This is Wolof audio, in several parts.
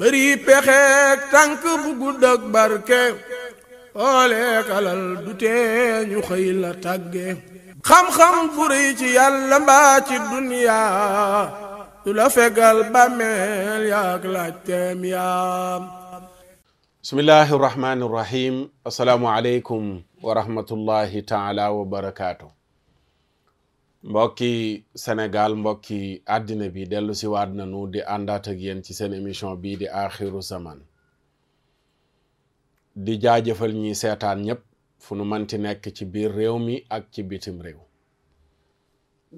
bëri pexeek tànk bu gudd ak barke xooleek alal du tee ñu xëy xam-xam bu rëy ci yàlla mbaa ci duniyaa la fegal bàmmeel yaak laajteem yaam bismillahi rahmaani rahim asalaamu aleykum wa rahmatullahi taala wa barakaatu mbokki Sénégal mbokki àddina bi dellu si waat nañu di àndaat ak yéen ci seen émission bii di axiru zaman di jaajëfal ñi seetaan ñépp fu nu manti nekk ci biir réew mi ak ci bitim réew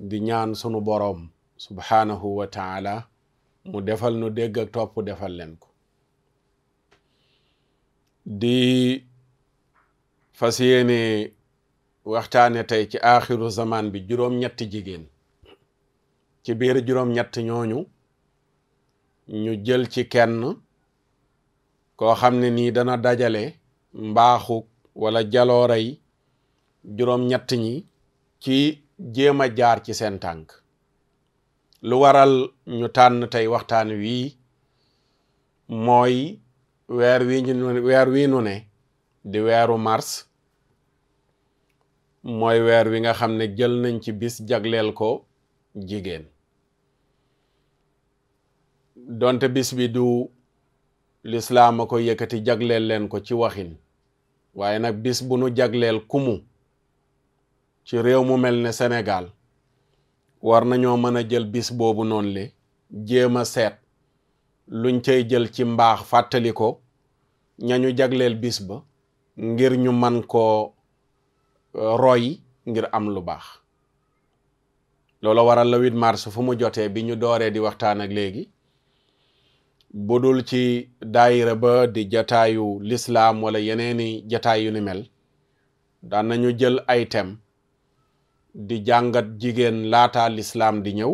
di ñaan sunu boroom subhaanahu wa taala mu defal nu dégg ak topp defal leen ko di fas yéene waxtaane tey ci aaxiru zamaan bi juróom-ñetti jigéen ci biir juróom-ñett ñooñu ñu jël ci kenn koo xam ne nii dana dajale mbaaxu walla jalooray juróom-ñett ñi ci jéem a jaar ci seen tànk lu waral ñu tànn tey waxtaan wii mooy weer wi weer wi nu ne di weeru mars mooy weer wi nga xam ne jël nañ ci bis jagleel ko jigéen donte bis bi du lislaam a ko yëkkati jagleel leen ko ci waxin waaye nag bis bu nu jagleel kumu ci réew mu mel ne Sénégal war nañoo mën a jël bis boobu noonu le jéem a seet luñ cay jël ci mbaax fàttali ko ñañu jagleel bis ba ngir ñu man koo Euh, roy ngir am lu baax loola waral le 8 mars fu mu jotee bi ñu dooree di waxtaan ak léegi dul ci daayira ba di jataayu lislaam wala yeneeni jataay yu ni mel daan nañu jël ay thème di jàngat jigéen laata lislaam di ñëw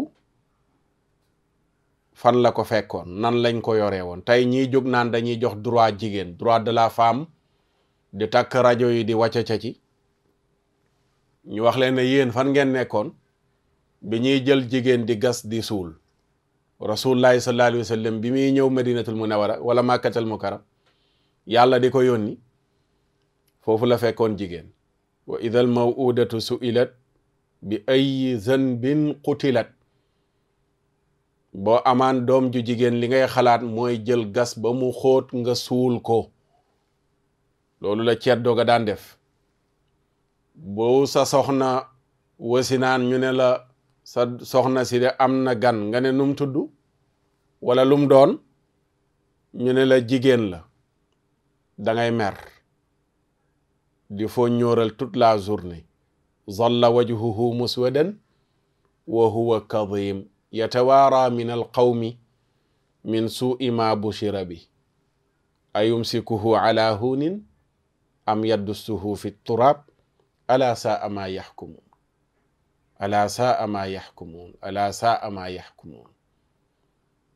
fan la ko fekkoon nan lañ ko yore woon tey ñiy jóg naan dañuy jox droit jigéen droit de la femme di takk rajo yi di wàcca ca ci ñu wax leen ne yéen fan ngeen nekkoon bi ñuy jël jigéen di gas di suul rasulullahi sallallahu alayhi wa sallam bi muy ñëw madinatul munawara wala màkkatal mukaram yàlla di ko yónni foofu la fekkoon jigéen wa idal su suilat bi ay zanbin qutilat boo amaan doom ju jigéen li ngay xalaat mooy jël gas ba mu xóot nga suul ko loolu la ceet doga daan def bu sa soxna wasinaan ñu la sa soxna si de am na gan nga ne tudd wala lum doon ñu ne la jigéen la dangay mer di foo ñóoral toute la journée zalla wajhuhu muswadan wa huwa kadim yatawaara min alqawmi min suui ma bushira bi ayumsikuhu ala hunin am yaddusuhu fi turaab ala saa ama yaxkumuun ala saa ama yaxkumuun ala saa ama yaxkumuun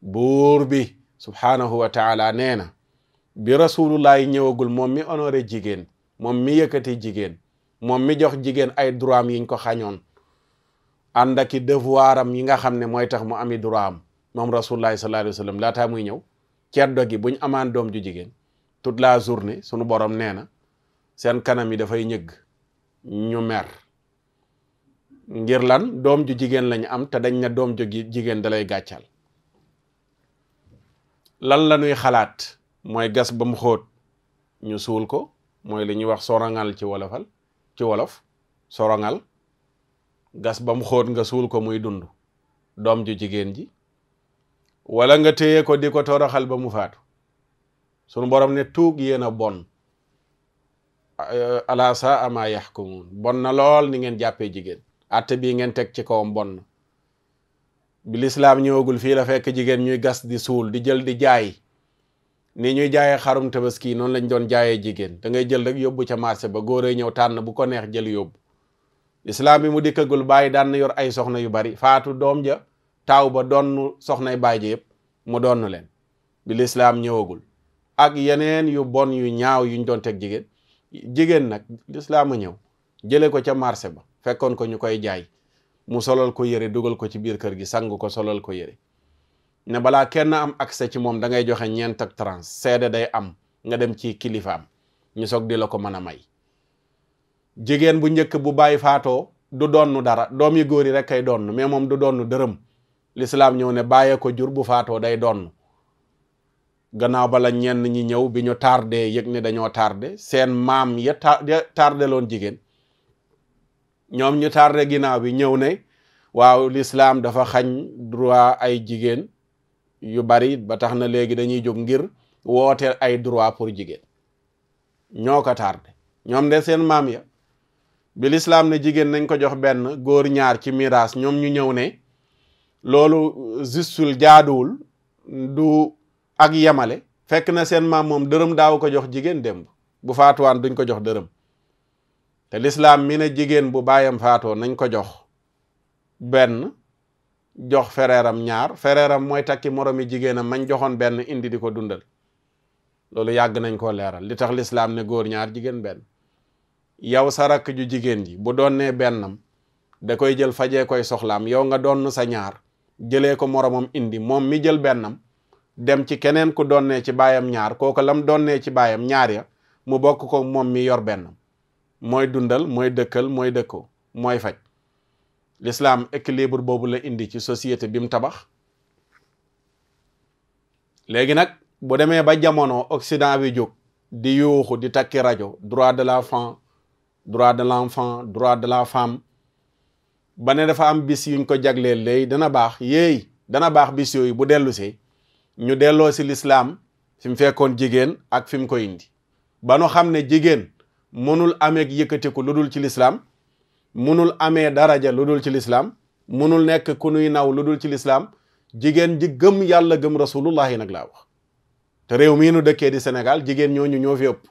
buur bi subhaanahu wa taala nee na bi rasulullahi ñëwagul moom mi honoré jigéen moom mi yëkkati jigéen moom mi jox jigéen ay droit am yiñ ko xañoon ànd aki devoir am yi nga xam ne mooy tax mu ami droit am moom rasulullahi sallallahu alayhi wa sallam laataa muy ñëw ceddo gi buñ amaan doom ju jigéen toute la journée sunu borom nee na seen kanam yi dafay ñëgg ñu mer ngir lan doom ju jigéen lañu am te dañ na doom ju jigéen dalay gàccal lan la xalaat mooy gas ba mu xóot ñu suul ko mooy li ñuy wax sorangal ci wolofal ci wolof sorangal gas ba mu xóot nga suul ko muy dund doom ju jigéen ji wala nga téye ko di ko toroxal ba mu faatu sun borom ne tuug yéen a bon ala sa ama yaxkumuun bon na lool ni ngeen jàppee jigéen atte bii ngeen teg ci kawam bon na bi lislaam ñëwagul fii la fekk jigéen ñuy gas di suul di jël di jaay ni ñuy jaayee xarum tabaski noonu lañ doon jaayee jigéen da jël rek yóbbu ca marché ba góor ñëw tànn bu ko neex jël yóbbu lislaam bi mu dikkagul bàyyi daan yor ay soxna yu bari faatu doom ja taaw ba donnu soxnay baay ja yëpp mu donnu leen bi lislaam ñëwagul ak yeneen yu bon yu ñaaw yuñ doon teg jigéen jigéen nag lislaam a ñëw jële ko ca marché ba fekkoon ko ñu koy jaay mu solal ko yére dugal ko ci biir kër gi sangu ko solal ko yére ne balaa kenn am accès ci moom da ngay joxe ñeent ak trans seede day am nga dem ci kilifaam ñu soog di la ko mën a may jigéen bu njëkk bu bàyyi faatoo du donnu dara doom yi góor yi rek kay donn mais moom du doon donn dërëm lislaam ñëw ne bàyyee ko jur bu faatoo day donn gannaaw ba la ñenn ñi ñëw bi ñu tardé yëg ne dañoo tardé seen maam ya tardé loon jigéen ñoom ñu tardé ginnaaw bi ñëw ne waaw lislaam dafa xañ droit ay jigéen yu bari ba tax na léegi dañuy jóg ngir woote ay droit pour jigéen ñoo ko tardé ñoom de seen maam ya bi lislaam na jigéen nañ ko jox benn góor ñaar ci miraas ñoom ñu ñëw ne loolu euh, justul jaaduwul du ak yemale fekk na seen maam moom dërëm daaw ko jox jigéen démb bu faatuwaan duñ ko jox dërëm te lislaam mi ne jigéen bu baayam faatoo nañ ko jox benn jox fereeram ñaar fereeram mooy takki moromi jigéenam mañ joxoon benn indi di ko dundal loolu yàgg nañ ko leeral li tax lislaam ne góor ñaar jigéen benn yow sa rakk ju jigéen ji bu doon nee bennam da koy jël fajee koy soxlaam yow nga doon sa ñaar jëlee ko moromam indi moom mi jël bennam dem ci keneen ku doon donnee ci baayam ñaar kooku lam doon donnee ci baayam ñaar ya mu bokk ko moom mi yor benn mooy dundal mooy dëkkal mooy dëkko mooy faj lislaam équilibre boobu la indi ci société bi mu tabax léegi nag bu demee ba jamono Occident bi jóg di yuuxu di takki rajo droit de l'enfant droit de l'enfant droit de la femme ba ne dafa am bis yuñ ko jagleel léegi dana baax yéey dana baax bis yooyu bu dellu see ñu delloo si lislaam fi mu fekkoon jigéen ak fi mu ko indi ba nu xam ne jigéen mënul amee yëkkatiku lu dul ci lislaam mënul amee daraja lu dul ci lislaam mënul nekk ku nuy naw lu dul ci lislaam jigéen ji gëm yàlla gëm rasulullahi nag laa wax te réew mii nu dëkkee di Sénégal jigéen ñooñu ñoo fi ëpp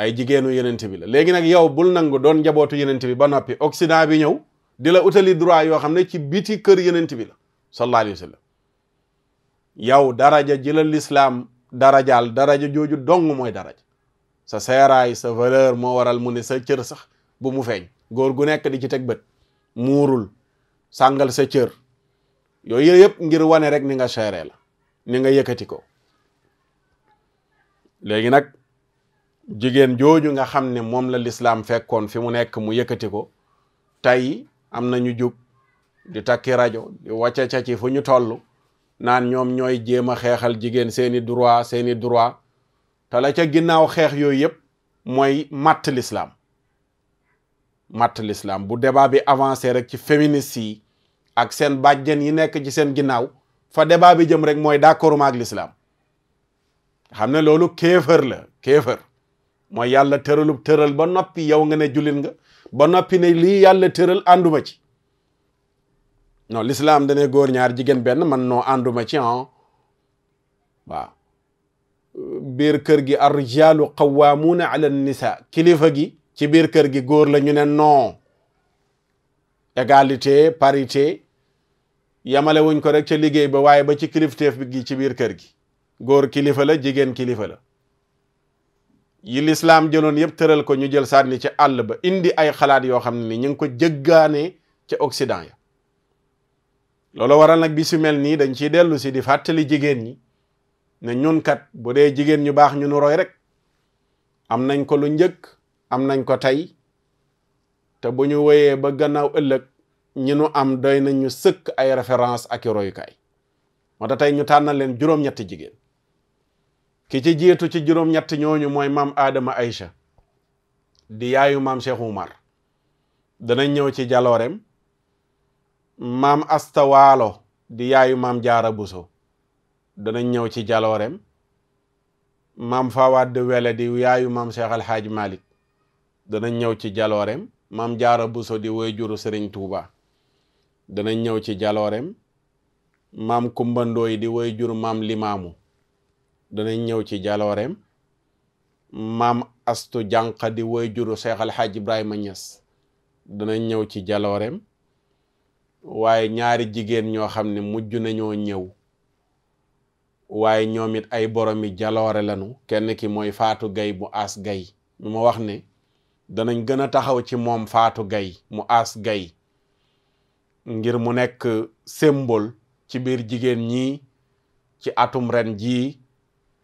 ay jigéenu yenent bi la léegi nag yow bul nangu doon njabootu yenent bi ba noppi Occident bi ñëw di la utali droit yoo xam ne ci biti kër yenent bi la sallallahu yow daraja ji la lislaam darajaal daraja jooju dong mooy daraja sa seeraay sa valeur moo waral mu ne sa cër sax bu mu feeñ góor gu nekk di ci teg bët muurul sàngal sa cër yooyu yëpp ngir wane rek ni nga seere la ni nga yëkkati ko léegi nag jigéen jooju nga xam ne moom la lislaam fekkoon fi mu nekk mu yëkkati ko tey am na ñu jug di takki rajo di wàcce ca fu ñu toll naan ñoom ñooy jéem a xeexal jigéen seeni droit seeni droit te la ca ginnaaw xeex yooyu yëpp mooy matt lislaam matt lislaam bu débat bi avancé rek ci féministes yi ak seen bàjjen yi nekk ci seen ginnaaw fa débat bi jëm rek mooy d'accord ma ak l'islam xam ne loolu kéefër la kéefër mooy yàlla tëralub tëral ba noppi yow nga ne jullit nga ba noppi ne lii yàlla tëral ànduma ci non l'islam dane góor ñaar jigéen benn man noo ànduma ci ah biir kër gi arrijaalu qawwaamuuna ala nisa kilifa gi ci biir kër gi góor la ñu ne noo égalité parité yamale wuñ ko rek ca liggéey ba waaye ba ci kilifteef gi ci biir kër gi góor kilifa la jigéen kilifa la yi lislaam jëloon yëpp tëral ko ñu jël sànni ci àll ba indi ay xalaat yoo xam ne ni ñu ngi ko jëggaane ci Occident ya loolu waral nag bis yu nii dañ ciy dellu si di fàttali jigéen ñi ne ñun kat bu dee jigéen ñu baax ñu nu roy rek am nañ ko lu njëkk am nañ ko tey te bu ñu woyee ba gannaaw ëllëg ñi nu am doy nañ ñu sëkk ay référence ak i royukaay moo tax tey ñu tànnal leen juróom-ñetti jigéen ki ci jiitu ci juróom-ñetti ñooñu mooy maam Adama Aïcha di yaayu maam Cheikh mar danañ ñëw ci jaloorem maam Asta Waalo di yaayu maam Jaara Buso danañ ñëw ci jaloorem maam Fawad de Wele di yaayu maam Cheikh Al Hadj Malick danañ ñëw ci jaloorem maam Jaara Buso di wéyjuru Serigne Touba danañ ñëw ci jaloorem maam kumbandooy di wéyjuru maam Limaamu danañ ñëw ci jaloorem maam Astu Jànq di wéyjuru Cheikh Al Hadj Ibrahima Niass danañ ñëw ci jaloorem waaye ñaari jigéen ñoo xam ne mujj nañoo ñëw waaye ñoom it ay boromi jaloore lañu kenn ki mooy Faatu Gay mu as Gay mu ma wax ne danañ gën a taxaw ci moom Faatu Gay mu as Gay ngir mu nekk symbole ci biir jigéen ñi ci atum ren ji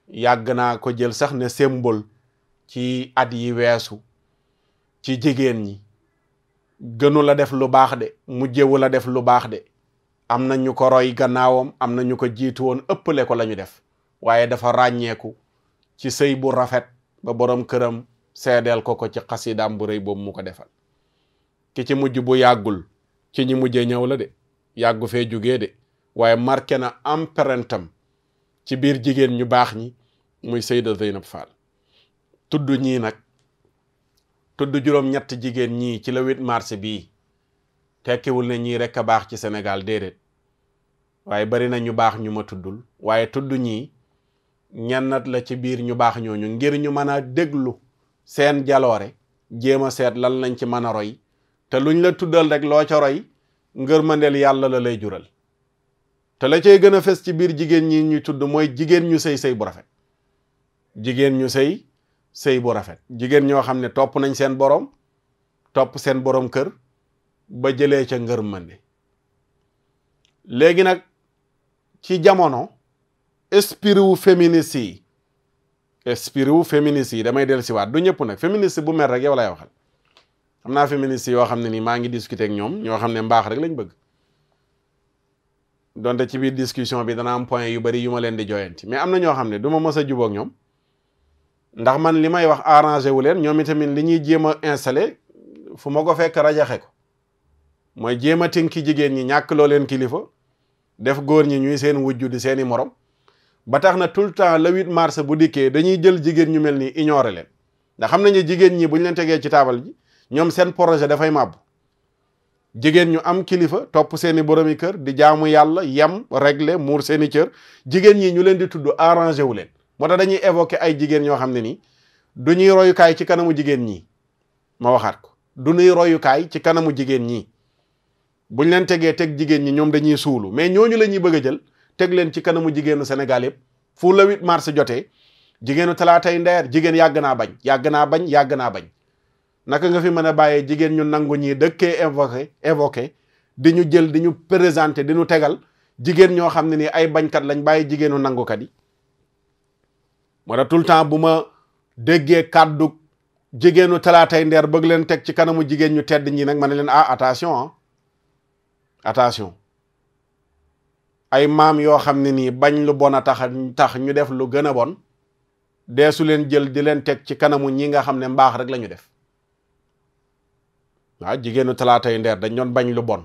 yàgg naa ko jël sax ne symbole ci at yi weesu ci jigéen ñi gënu la def lu baax de mujjewu la def lu baax de am na ñu ko roy gannaawam am na ñu ko jiitu woon ëppale ko la def waaye dafa ràññeeku ci sëy bu rafet ba borom këram seedeel ko ko ci xasidaam bu rëy boobu mu ko defal ki ci mujj bu yàggul ci ñi mujje ñëw la de yàggu fee jugee de waaye marqué na empreinte am ci biir jigéen ñu baax ñi muy Seyda Zeynab Fall tudd ñii nag tudd juróom-ñett jigéen ñii ci la 8 mars bii tekkiwul na ñii rekk a baax ci senegal déedéet waaye bari na ñu baax ñu ma tuddul waaye tudd ñii ñennat la ci biir ñu baax ñooñu ngir ñu mën a déglu seen jaloore jéem a seet lan lañ ci mën a roy te luñ la tuddal rek loo ca roy ngërmandeel yàlla la lay jural te la cay gën a fes ci biir jigéen ñi ñu tudd mooy jigéen ñu sëy sëy bu rafet jigéen ñu sëy sëy bu rafet jigéen ñoo xam ne topp nañ seen borom topp seen borom kër ba jëlee ca ngër mënde léegi nag ci jamono esprit wu féministe yi esprit wu féministe yi damay dellu du ñëpp nag féministe bu mer rek yow lay waxal xam naa féministe yoo xam ne nii maa ngi discuter ak ñoom ñoo xam ne mbaax rek lañ bëgg donte ci biir discussion bi dana am point yu bari yu ma leen di joyanti mais am na ñoo xam ne duma ma mës a jubóog ñoom ndax man li may wax arrangé wu leen ñoom itamit li ñuy jéem a installé fu ma ko fekk rajaxe ko mooy jéem a tënki jigéen ñi ñàkk leen kilifa def góor ñi ñuy seen wujju di seen i morom ba tax na tout le temps le 8 mars bu dikkee dañuy jël jigéen ñu mel ni ignoré leen ndax xam nañu jigéen ñi bu ñu leen tegee ci taabal ji ñoom seen projet dafay màbb jigéen ñu am kilifa topp seen i boromi kër di jaamu yàlla yem regle muur seen i cër jigéen ñi ñu leen di tudd arrangé wu leen moo tax dañuy évoquer ay jigéen ñoo xam ne ni du ñuy royukaay ci kanamu jigéen ñii ma waxaat ko du ñuy royukaay ci kanamu jigéen ñi buñ leen tegee teg jigéen ñi ñoom dañuy suulu mais ñooñu la ñuy bëgg a jël teg leen ci kanamu jigéenu senegal yëpp fu la 8 mars jotee jigéenu talaatay ndeer jigéen yàgg naa bañ yàgg naa bañ yàgg naa bañ naka nga fi mën a bàyyee jigéen ñu nangu ñii dëkkee évoqué évoqué di ñu jël di ñu présenté di ñu tegal jigéen ñoo xam ne ni ay bañkat lañ bàyyi jigéenu nangukat yi moo tax temps bu ma déggee kàddu jigéenu talaatay ndeer bëgg leen teg ci kanamu jigéen ñu tedd ñi nag ma ne leen ah attention ah attention ay maam yoo xam ne nii bañ lu bon a tax tax ñu def lu gën a bon deesu leen jël di leen teg ci kanamu ñi nga xam ne mbaax rek lañu def waaw jigéenu talaatay ndeer dañ doon bañ lu bon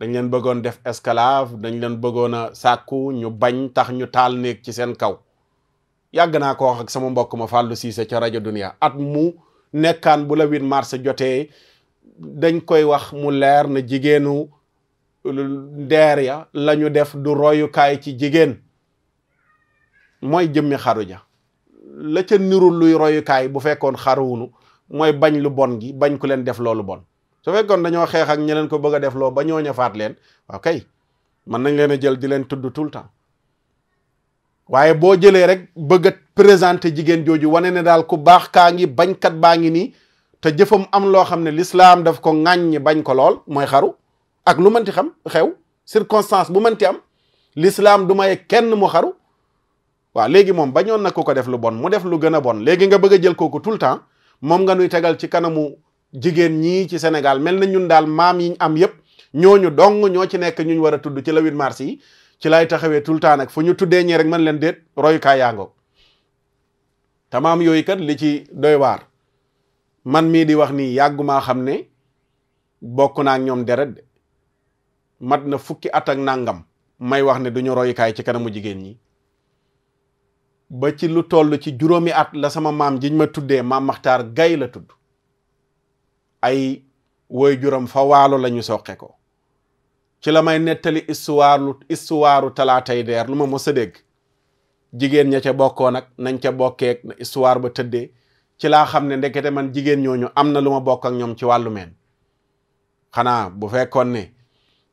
dañ leen bëggoon def esclave dañ leen bëggoon a sàkku ñu bañ tax ñu taal néeg ci seen kaw yàgg naa ko wax ak sama mbokk ma Fallou Cissé ca rajo Dunia at mu nekkaan bu la 8 mars jotee dañ koy wax mu leer na jigéenu ndeer ya lañu def du royukaay ci jigéen mooy jëmmi xaru ja la ca nirul luy royukaay bu fekkoon xaruwunu mooy bañ lu bon gi bañ ku leen def loolu bon su fekkoon dañoo xeex ak ñeneen ko bëgg a def loo ba ñooña faat leen waaw kay mën nañ leen a jël di leen tudd tout le temps waaye boo jëlee rek bëgg a présenter jigéen jooju wane ne daal ku baax kaa ngi bañkat baa ngi nii te jëfam am loo xam ne l'islam daf ko ŋàññi bañ ko lool mooy xaru ak lu mënti xam xew circonstance bu mënti am l'islam du maye kenn mu xaru waaw léegi moom bañoon na ko ko def lu bon mu def lu gën a bon léegi nga bëgg a jël ko tout le temps moom nga nuy tegal ci kanamu jigéen ñii ci Sénégal mel na ñun daal maam yi ñu am yépp ñooñu dong ñoo ci nekk ñu war a tudd ci le 8 yi ci laay taxawee tout le temps nag fu ñu tuddee ñee rek man leen déet royukaay yaango tamaam yooyu kat li ci doy waar man mii di wax nii yàggumaa xam ne bokk naa ak ñoom deret de mat na fukki at ak nàngam may wax ne duñu royukaay ci kanamu jigéen ñi ba ci lu toll ci juróomi at la sama maam jiñ ma tuddee maam Maxtaar Gay la tudd ay woy juróom fa waalo la soqe ko ci la may nettali histoire histoire talaatay deer lu ma mos a dégg jigéen ña ca bokkoo nag nañ ca bokkeek na histoire ba tëddee ci laa xam ne ndekete man jigéen ñooñu am na lu ma bokk ak ñoom ci wàllu meen xanaa bu fekkoon ne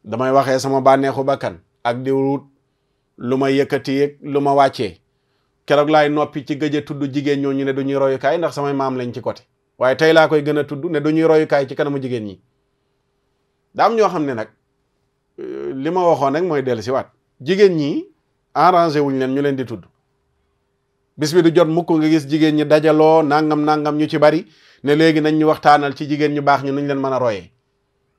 damay waxee sama bànneexu bakkan ak di wut lu ma yëkkati yeeg lu ma wàccee keroog laay noppi ci gëj a tudd jigéen ñooñu ne du ñuy royukaay ndax samay maam lañ ci côté waaye tey laa koy gën a tudd ne du ñuy royukaay ci kanamu jigéen ñi daam ñoo xam ne nag li ma waxoon rek mooy dellu si waat jigéen ñi arrangé wuñ leen ñu leen di tudd bis bi du jot mukk nga gis jigéen ñi dajaloo nangam nangam ñu ci bari ne léegi nañ ñu waxtaanal ci jigéen ñu baax ñu nuñ leen mën a royee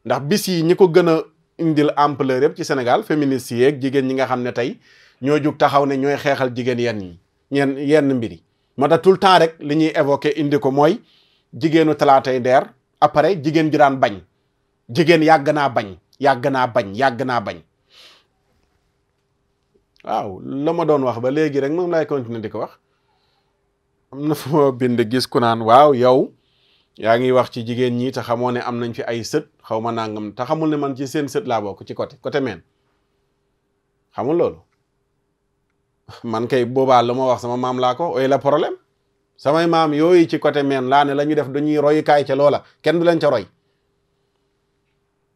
ndax bis yi ñi ko gën a indil ampleur yëpp ci Sénégal féministes yi jigéen ñi nga xam ne tey ñoo jug taxaw ne ñooy xeexal jigéen yenn ñi ñenn yenn mbir yi moo tax tout temps rek li ñuy évoqué indi ko mooy jigéenu talaatay ndeer après jigéen ju daan bañ jigéen yàgg naa bañ yàgg naa bañ yàgg naa bañ waaw la ma doon wax ba léegi rek moom laay continuer di ko wax am na fu ma bind gis ku naan waaw yow yaa ngi wax ci jigéen ñi ta xamoo ne am nañ fi ay sët xaw ma nangam te xamul ne man ci seen sët laa bokk ci côté côté meen xamul loolu man kay boobaa lu ma wax sama maam laa ko ooy la problème samay maam yooyu ci côté meen laa ne la ñu def dañuy royukaay ca loola kenn du lañ ca roy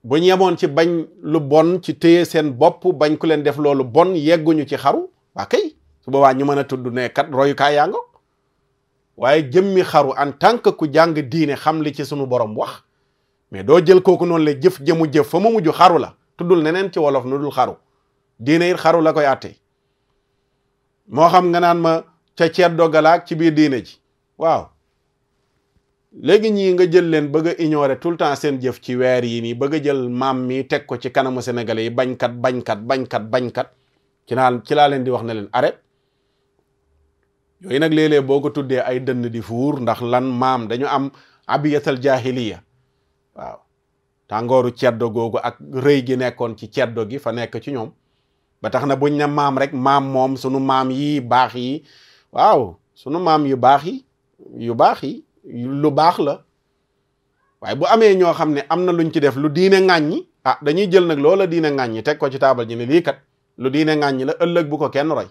bu ñu yemoon ci bañ lu bon ci téye seen bopp bañ ku leen def loolu bon yegguñu ci xaru waa kay su boobaa ñu mën a tudd ne kat royukaay yaa nga waaye jëmmi xaru en tant que ku jàng diine xam li ci sunu borom wa mais doo jël kooku noonu la jëf jëmu jëf fa mu mujj xaru la tuddul neneen ci wolof nu dul xaru diine it xaru la ko àtte moo xam nga naan ma ca ceet doggalaak ci biir diine ji waaw léegi ñii nga jël leen bëgg a ignorer tout le temps seen jëf ci weer yi nii bëgg a jël maam mii teg ko ci kanamu sénégalais yi bañkat bañkat bañkat bañkat ci naa ci laa leen di wax na leen arrête yooyu nag léeg-léeg boo ko tuddee ay dënn di fuur ndax lan maam dañu am abiyatal jahiliya waaw tàngooru ceddo googu ak rëy gi nekkoon ci ceddo gi fa nekk ci ñoom ba tax na buñ na maam rek maam moom sunu maam yi baax yi waaw sunu maam yu baax yi yu baax yi lu baax la waaye bu amee ñoo xam ne am na luñ ci def lu diine ŋàññi ah dañuy jël nag loola diine ŋàññi teg ko ci taabal ji ne lii kat lu diine ŋàññi la ëllëg bu ko kenn roy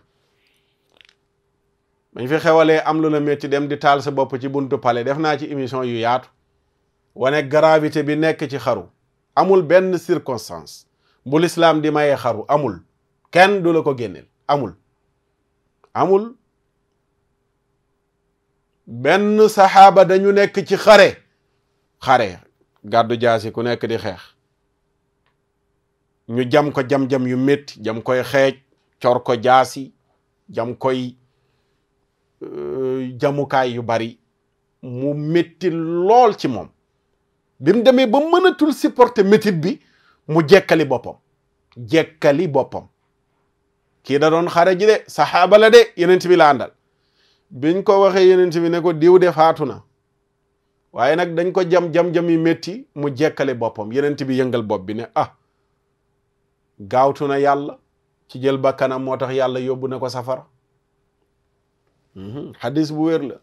dañ fi xewalee am lu la métti dem di taal sa bopp ci buntu pale def naa ci émission yu yaatu wane gravité bi nekk ci xaru amul benn circonstance bu lislaam di mayee xaru amul kenn du la ko génneel amul amul benn saxaaba dañu nekk ci xare xare gàddu jaasi ku nekk di xeex ñu jam ko jam-jam yu métti jam koy xeej cor ko jaasi jam koy euh, jamukaay yu bari mu métti lool ci moom bi mu demee ba mënatul supporter métit bi mu jekkali boppam jekkali boppam kii da doon xare ji de saxaaba la de yeneen bi la àndal biñ ko waxee yeneen bi ne ko diw de faatu na waaye nag dañ ko jam jam jam yi metti mu jekkale boppam yeneen bi yëngal bopp bi ne ah gaawtu na yàlla ci jël bakkanam moo tax yàlla yóbbu na ko safara xadis mhm, bu wér la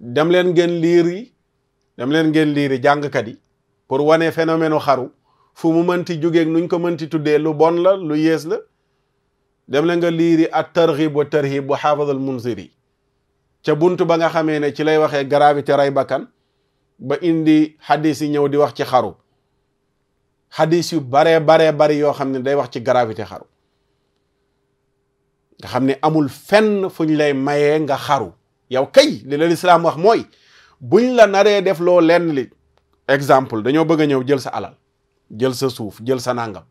dem leen ngeen liir yi dem leen ngeen liir yi yi pour wane phénomène xaru fu mu mënti jógeeg nuñ ko mënti tuddee lu bon la lu yées la dem leen nga liiri at targhib wa tarhib bu xaafadal munziri ca bunt ba nga xamee ne ci lay waxee gravité ray bakkan ba indi xadis ñëw di wax ci xaru xadis yu baree baree bari yoo xam ne day wax ci gravité xaru nga xam ne amul fenn fuñ lay mayee nga xaru yow kay li la lislaam wax mooy buñ la naree def loo lenn li exemple dañoo bëgg a ñëw jël sa alal jël sa suuf jël sa nangam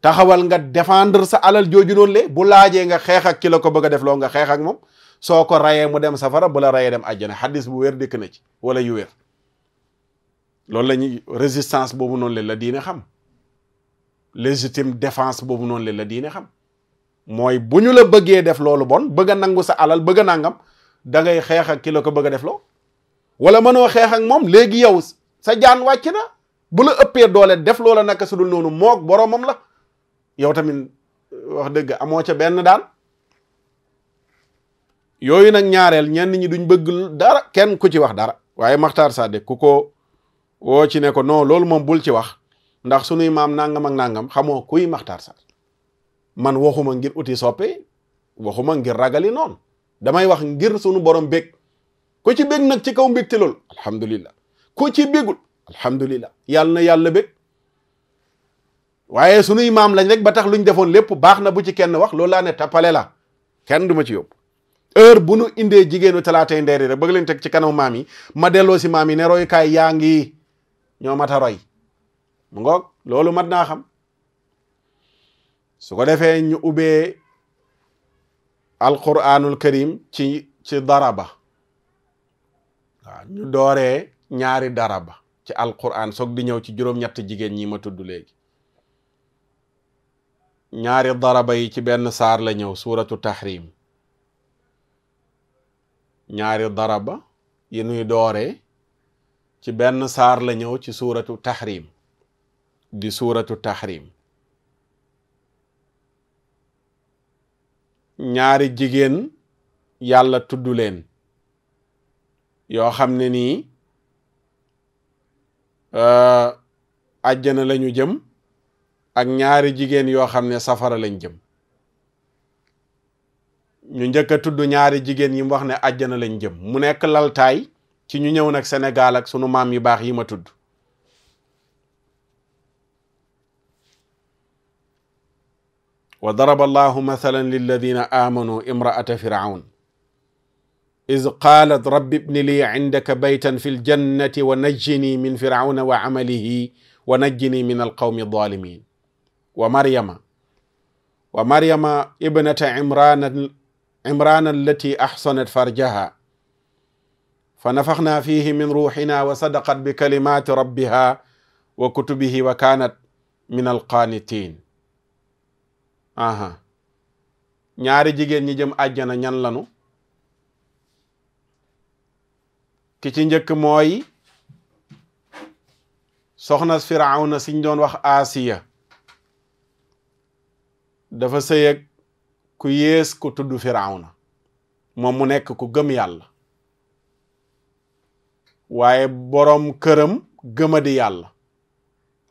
taxawal nga défendre sa alal jooju noonu le bu laajee nga xeex kilo ko bëgg a def loo nga xeex ak moom soo ko rayee mu dem safara bu la rayee dem àjjana xaddis bu wér dikk na ci wala yu wér loolu la ñuy résistance boobu noonu la la diine xam légitime défense boobu noonu la la diine xam mooy bu ñu la bëggee def loolu bon bëgg a nangu sa alal bëgg a nangam da ngay xeex ak ki ko bëgg a def loo wala mënoo xeex ak moom léegi yow sa jaan wàcc na bu la ëppee doole def loola naka su dul noonu moog boroomam la yow tamit wax dëgg amoo ca benn daan yooyu nag ñaareel ñenn ñi duñ bëgg dara kenn ku ci wax dara waaye maxtar Sàdde ku ko woo ci ne ko non loolu moom bul ci wax ndax sunuy maam nangam ak nangam xamoo kuy Maxtaar Sàdde man waxuma ngir uti soppe waxuma ngir ragali noonu damay wax ngir sunu borom bég ku ci bég nag ci kaw mbégte loolu alhamdulillah ku ci bégul alhamdulillah yàlla na yàlla bég waaye sunuy maam lañ rek ba tax luñ defoon lépp baax na bu ci kenn wax loolu laa ne tappale la kenn du ma ci yóbbu heure bu nu indee jigéenu talaatay ndeer yi rek bëgg teg ci kanam maam yi ma delloo si maam yi ne royukaay yaa ngi ñoo mat roy mu ngoog loolu mat naa xam su ko defee ñu ubbee alquranul karim ci ci daraba waaw ñu dooree ñaari daraba ci alquran soog di ñëw ci juróom-ñett jigéen ñi ma tudd léegi ñaari daraba yi ci benn saar la ñëw suuratu tahrim ñaari daraba yi nuy dooree ci benn saar la ñëw ci suuratu taxrim di suuratu taxrim ñaari jigéen yàlla tudd leen yoo xam ne nii euh, àjjana lañu jëm ak ñaari jigéen yoo xam ne safara lañ jëm ñu njëkk a tudd ñaari jigéen yi mu wax ne àjjana lañ jëm mu nekk laltaay ci ñu ñëw nag Sénégal ak sunu maam yu baax yi ma tudd wa daraba allahu mathalan lilladina amanu imraata firaun iz qaalat rabbi ibni lii indaka baytan fi ljannati wa najjini min firauna wa amalihi wa najjini min alqawmi aldalimin wa maryama wa maryama imraan allati axsanat farjaha fa nafaxnaa fiihi min ruuxina wa sadaqat bi kalimaati rabbiha wa kutubihi wa kaanat min alqaanitiin aha ñaari jigéen ñi jëm àjjana ñan lanu ki ci njëkk mooy soxna firawna siñ doon wax aasiya dafa sëyëg ku yées ku tudd Firawna moom mu nekk ku gëm yàlla waaye boroom këram gëmadi yàlla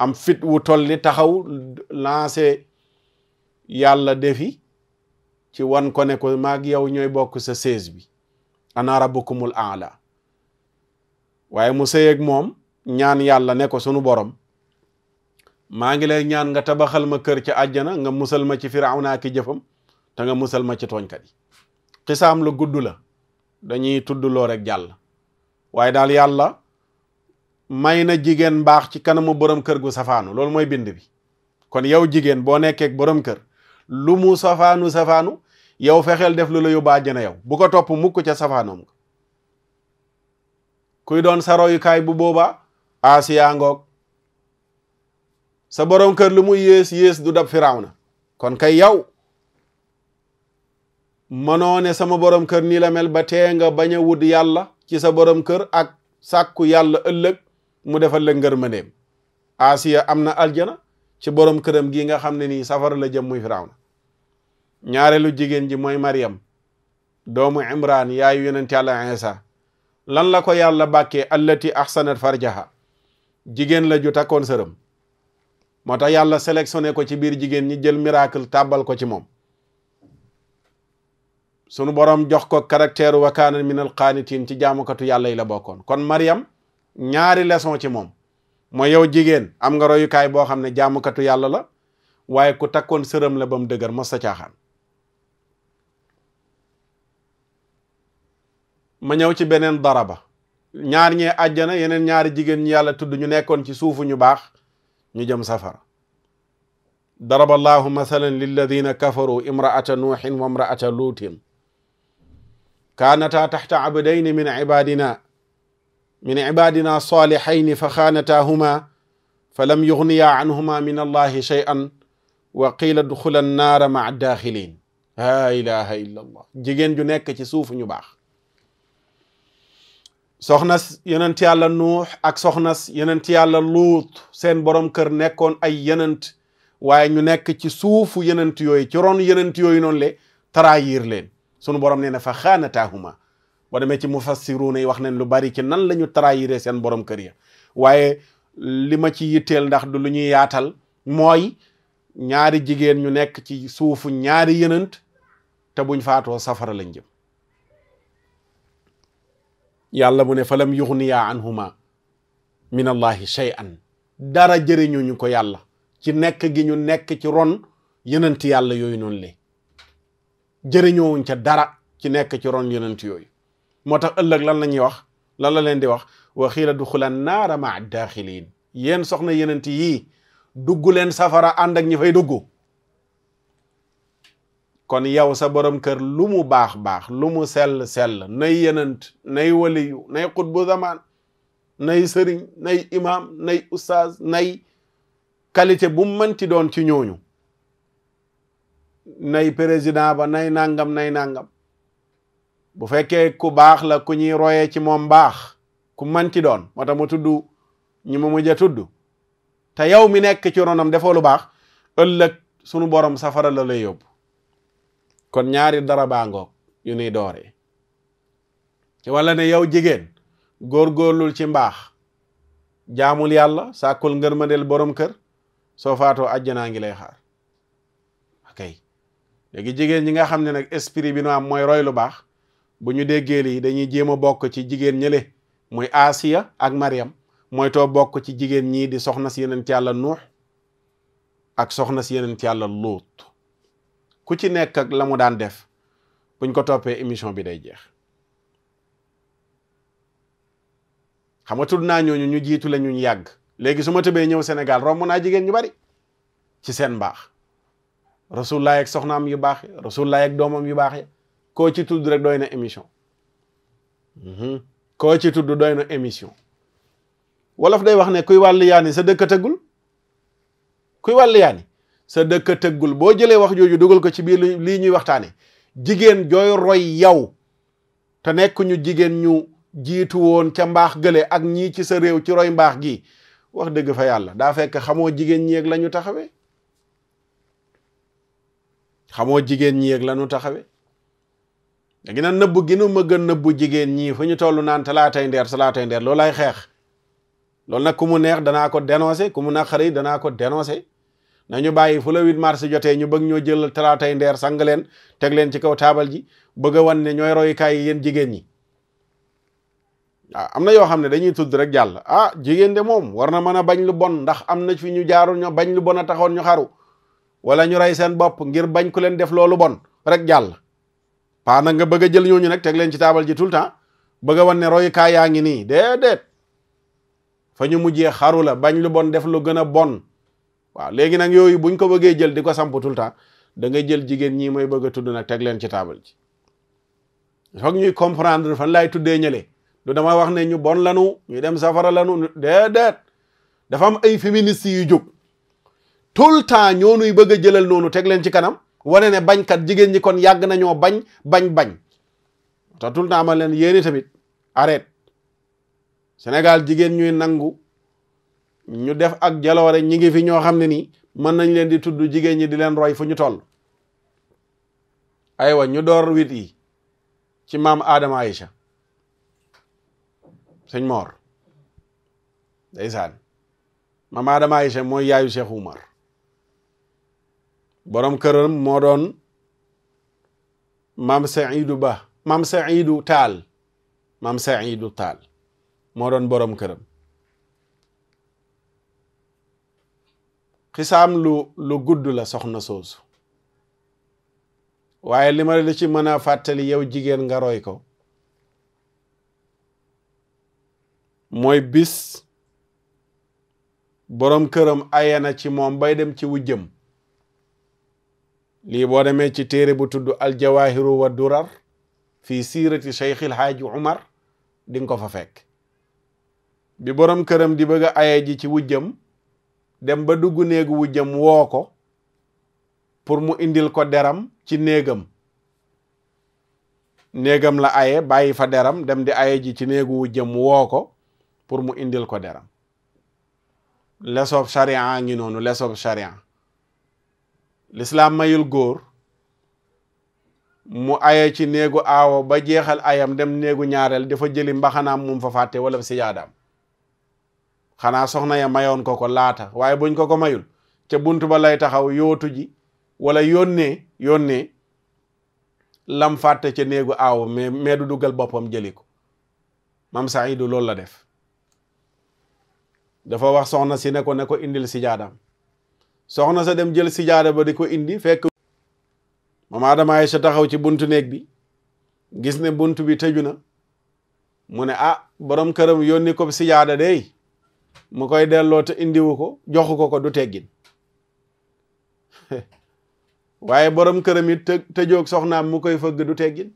am fit wu toll ni taxaw lancé yàlla defi ci wan ko nekko ko maag yow ñooy bokk sa sées bi ana rabbukumul aala waaye mu sëy ak moom ñaan yàlla ne ko sunu borom maa ngi lay ñaan nga tabaxal ma kër ci àjjana nga musal ma ci firawna ki jëfam te nga musal ma ci tooñkat yi xisaam lu gudd la dañuy tudd loo rek jàll waaye daal yàlla may na jigéen mbaax ci kanamu borom kër gu safaanu loolu mooy bind bi kon yow jigéen boo nekkee borom kër lu mu safaanu safaanu yow fexeel def lu la yóbbu àjjana yow bu ko topp mukk ca safaanoom nga kuy doon sa royukaay bu boobaa aasiyaa ngoog sa borom kër lu mu yées yées du dab firaaw na kon kay yow mënoo ne sama borom kër nii la mel ba tee nga bañ a wut yàlla ci sa borom kër ak sàkku yàlla ëllëg mu defal la ngërmandeem Asiya am na aljana ci borom këram gi nga xam ne nii safara la jëm muy Firawna ñaareelu jigéen ji mooy Mariam doomu Imran yaayu yonent yàlla Isa lan la ko yàlla bàkkee allati ahsanat farjaha jigéen la ju takkoon sëram moo tax yàlla sélectionné ko ci biir jigéen ñi jël miracle tàbbal ko ci moom sunu borom jox ko caractère wa kaana min al qaanitiin ci jaamukatu yàlla yi la bokkoon kon Mariam ñaari leson ci moom mooy yow jigéen am nga royukaay boo xam ne jaamukatu yàlla la waaye ku takkoon sërëm la ba mu dëgër mos sa caaxaan. ma ñëw ci beneen daraba ñaar ñee àjjana yeneen ñaari jigéen ñi yàlla tudd ñu nekkoon ci suufu ñu baax ñu jëm safara daraba allahu mathalan lilladina kafaru imraata nuuhin wa imraata luutin kaanata taxta abdayni min ibadina min ibadina salihayni fa xaanataahuma fa lam yugniyaa anhuma min allahi shay'an wa qiila duxula annaara maa daaxilin laa jigéen ju nekk ci suufu ñu baax soxna yonent yàlla nuux ak soxnas yonent yàlla luut seen borom kër nekkoon ay yenent waaye ñu nekk ci suufu yenent yooyu ci ron yenent yooyu noonu le trahir leen sunu borom nee na fa xaanataahuma boo demee ci mufassiruuna yi wax nañ lu bari ci nan la ñu trahiré seen borom kër ya waaye li ma ci yitteel ndax du lu ñuy yaatal mooy ñaari jigéen ñu nekk ci suufu ñaari yënant te buñ faatoo safara lañ jëm yàlla mu ne falam yuxniyaa anhuma min allahi shay'an dara jëriñu ñu ko yàlla ci nekk gi ñu nekk ci ron yenant yàlla yooyu noonu le jëriñoowuñ ca dara ci nekk ci ron yonent yooyu moo tax ëllëg lan la ñuy wax lan la leen di wax wa xiila duxula naara maa daaxiliin yéen soxna yonent yii dugg leen safara ànd ak ñi fay dugg kon yow sa borom kër lu mu baax baax lu mu sell sell nay yonent nay waliyu nay xutbu zamaan nay sëriñ nay imaam nay ustaaz nay qualité bu mu mënti doon ci ñooñu nay président ba nay nangam nay nangam bu fekkee ku baax la ku ñuy royee ci moom baax ku man ci doon moo tax ma tudd ñi ma mujj tudd te yow mi nekk ci ronam defoo lu baax ëllëg sunu borom safara la lay yóbbu kon ñaari dara baa ngoog yu nuy dooree walla ne yow jigéen góorgóorlul ci mbaax jaamul yàlla sàkkul ngërmandeel borom kër soo faatoo àjjanaa ngi lay xaar léegi jigéen ñi nga xam ne nag esprit bi nu am mooy roy lu baax bu ñu déggee lii dañuy jéem a bokk ci jigéen ñële muy Asiya ak Mariam mooy too bokk ci jigéen ñii di soxna si yeneen ci yàlla nuux ak soxna si yeneen ci yàlla luut ku ci nekk ak la mu daan def buñ ko toppee émission bi day jeex xam nga tudd naa ñooñu ñu jiitu la ñu yàgg léegi su ma tëbee ñëw Sénégal romb naa jigéen ñu bari ci seen baax rasulullah ak soxnaam yu baax ya rasulullah ak doomam yu baax ya koo ci tudd rek doy na émission mhm. koo ci tudd doy na émission wolof day wax ne kuy wàllu yaani sa dëkk tëggul kuy sa dëkk tëggul boo jëlee wax jooju dugal ko ci biir lii ñuy waxtaane jigéen jooy roy yow te nekk ñu jigéen ñu jiitu woon ca mbaax gële ak ñii ci sa réew ci roy mbaax gi wax dëgg fa yàlla daa fekk xamoo jigéen ñi ak la ñu taxawee xamoo jigéen ñi yeeg lanu taxawe léegi nag nëbb gi nu ma gën nëbbu jigéen ñi fu ñu toll naan talaatay ndeer talaatay ndeer loolu lay xeex loolu na ku mu neex danaa ko dénoncé ku mu naqari danaa ko na ñu bàyyi fu la 8 mars jotee ñu bëgg ñoo jël talaatay ndeer sang leen teg leen ci kaw taabal ji bëgg a wan ñooy royukaay yi yéen jigéen ñi a ah, am na yoo xam ne dañuy tudd rek jàll ah jigéen de moom war na mën a bañ lu bon ndax am na fi ñu jaaru ñoo bañ lu bon a taxoon ñu xaru wala ñu rey seen bopp ngir bañ ku leen def loolu bon rek jàll paa nag nga bëgg a jël ñooñu nag teg leen ci taabal ji tout le bëgga bëgg a wan ne royukaay yaa ngi nii déedéet fa ñu mujjee xaru la bañ lu bon def loo gën a bon waaw léegi nag yooyu buñ ko bëggee jël di ko samp tout le temps da ngay jël jigéen ñii mooy bëgg a tudd nag teg leen ci taabal ji foog ñuy comprendre fan laay tuddee ñële du dama wax ne ñu bon lanu ñu dem safara lanu déedéet dafa am ay féministes yu jóg tout le temps ñoonuy bëgg a jëlal noonu teg leen ci kanam wane ne bañkat jigéen ñi kon yàgg nañoo bañ bañ bañ te tout le ma leen yéene tamit arrête senegal jigéen ñuy nangu ñu def ak jaloore ñi ngi fi ñoo xam ne nii mën nañ leen di tudd jigéen ñi di leen roy fu ñu toll aywa ñu door wit yi ci maam Adama Aïcha sëñ Mor ndeysaan maam Adama Aïcha mooy yaayu Cheikh Oumar borom këram moo doon mam maam Saidu Ba maam Saidu Taal maam Saidu Taal moo doon borom këram xisaam lu gudd la soxna soosu waaye li la ci mën a fàttali yow jigéen nga roy ko mooy bis borom këram ayana ci moom bay dem ci wujjëm lii boo demee ci téere bu tudd aljawahiru wa durar fii siirati cheikhil haaji umar di ko fa fekk bi borom këram di bëgg a ji ci wujjam dem ba dugg néegu wujjam woo ko pour mu indil ko deram ci néegam néegam la aye bàyyi fa deram dem di aye ji ci néegu wujjam woo ko pour mu indil ko deram lesoob charia ngi noonu lesoob charia lislaam mayul góor mu aye ci néegu aawo ba jeexal ayam dem néegu ñaareel dafa jëli mbaxanaam mum fa fàtte wala sijaadaam xanaa soxna ya mayoon ko ko laata waaye buñ ko ko mayul ca bunt ba lay taxaw yootu ji wala yónnee yónnee lam fàtte ci néegu aawo mais mais du duggal boppam jëli ko mam du loolu la def dafa wax soxna si ne ko ne ko indil sijaadaam soxna sa dem jël sijaada ba di ko indi fekk moom Adama Aysa taxaw ci buntu néeg bi gis ne bunt bi tëju na mu ne ah borom këram yónni ko sijaada dey mu koy delloo te indiwu ko joxu ko ko du teggin waaye borom këram it tëjoog soxnaam mu koy fëgg du teggin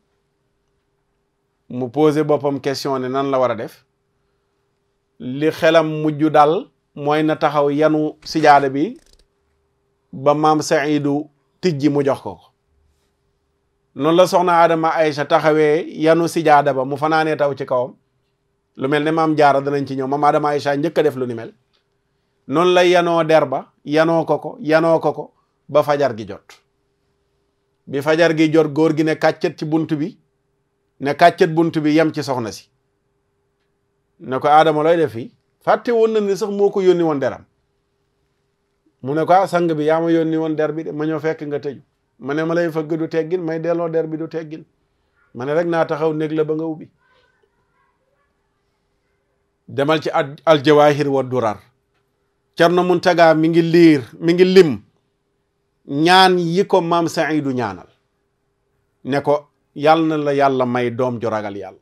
mu posé boppam question ne nan la war a def li xelam mujj dal mooy na taxaw yanu sijaada bi ba maam Saidu tijji mu jox ko ko noonu la soxna Adama Aïcha taxawe yanu si jaada ba mu fanaanee taw ci kawam lu mel ne maam jaara danañ ci ñëw maam Adama Aïcha njëkk a def lu ni mel noonu lay yanoo der ba yanoo ko ko yanoo ko ko ba fajar gi jot bi fajar gi jot góor gi ne kàccet ci bunt bi ne kàccet bunt bi yem ci soxna si ne ko Adama looy def fii fatte woon na ni sax moo ko yónni woon deram mu ne ko ah, sang bi yaa ma yónni woon der bi de ma fekk nga tëju ma ne ma lay fëgg du teggin may delloo der bi du teggin ma ne rek naa taxaw néeg la ba nga ubbi demal ci aljawaahir wa durar mun taga mi ngi liir mi ngi lim ñaan yi ko maam du ñaanal ne ko yal na la yàlla may doom jo ragal yàlla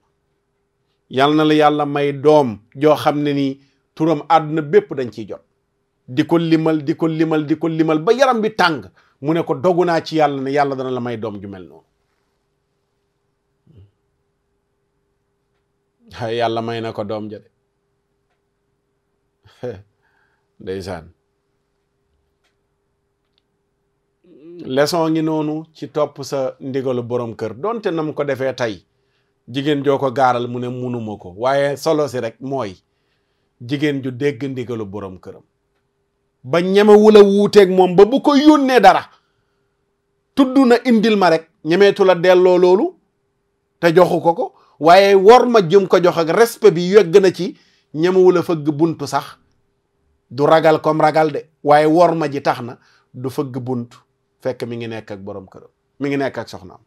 yal na yàlla may doom joo xam ne nii turam àdduna bépp dañ ciy jot di ko limal di ko limal di ko limal ba yaram bi tàng mu ne ko dogu naa ci yàlla ne yàlla dana la may doom ju mel noonu yàlla may na ko doom ja de ndeysaan leçon ngi noonu ci topp sa ndigalu borom kër donte nam ko defee tey jigéen joo ko gaaral mu ne munuma ko waaye solo si rek mooy jigéen ju dégg ndigalu borom këram ba ñemewul a moom ba bu ko yónnee dara tudd na indil ma rek ñemeetu la delloo loolu te joxu ko ko waaye wor ma jëm ko jox ak respect bi yegg na ci ñemewul a fëgg buntu sax du ragal comme ragal de waaye wor ma ji tax na du fëgg bunt fekk mi ngi nekk ak borom këram mi ngi nekk ak soxnaam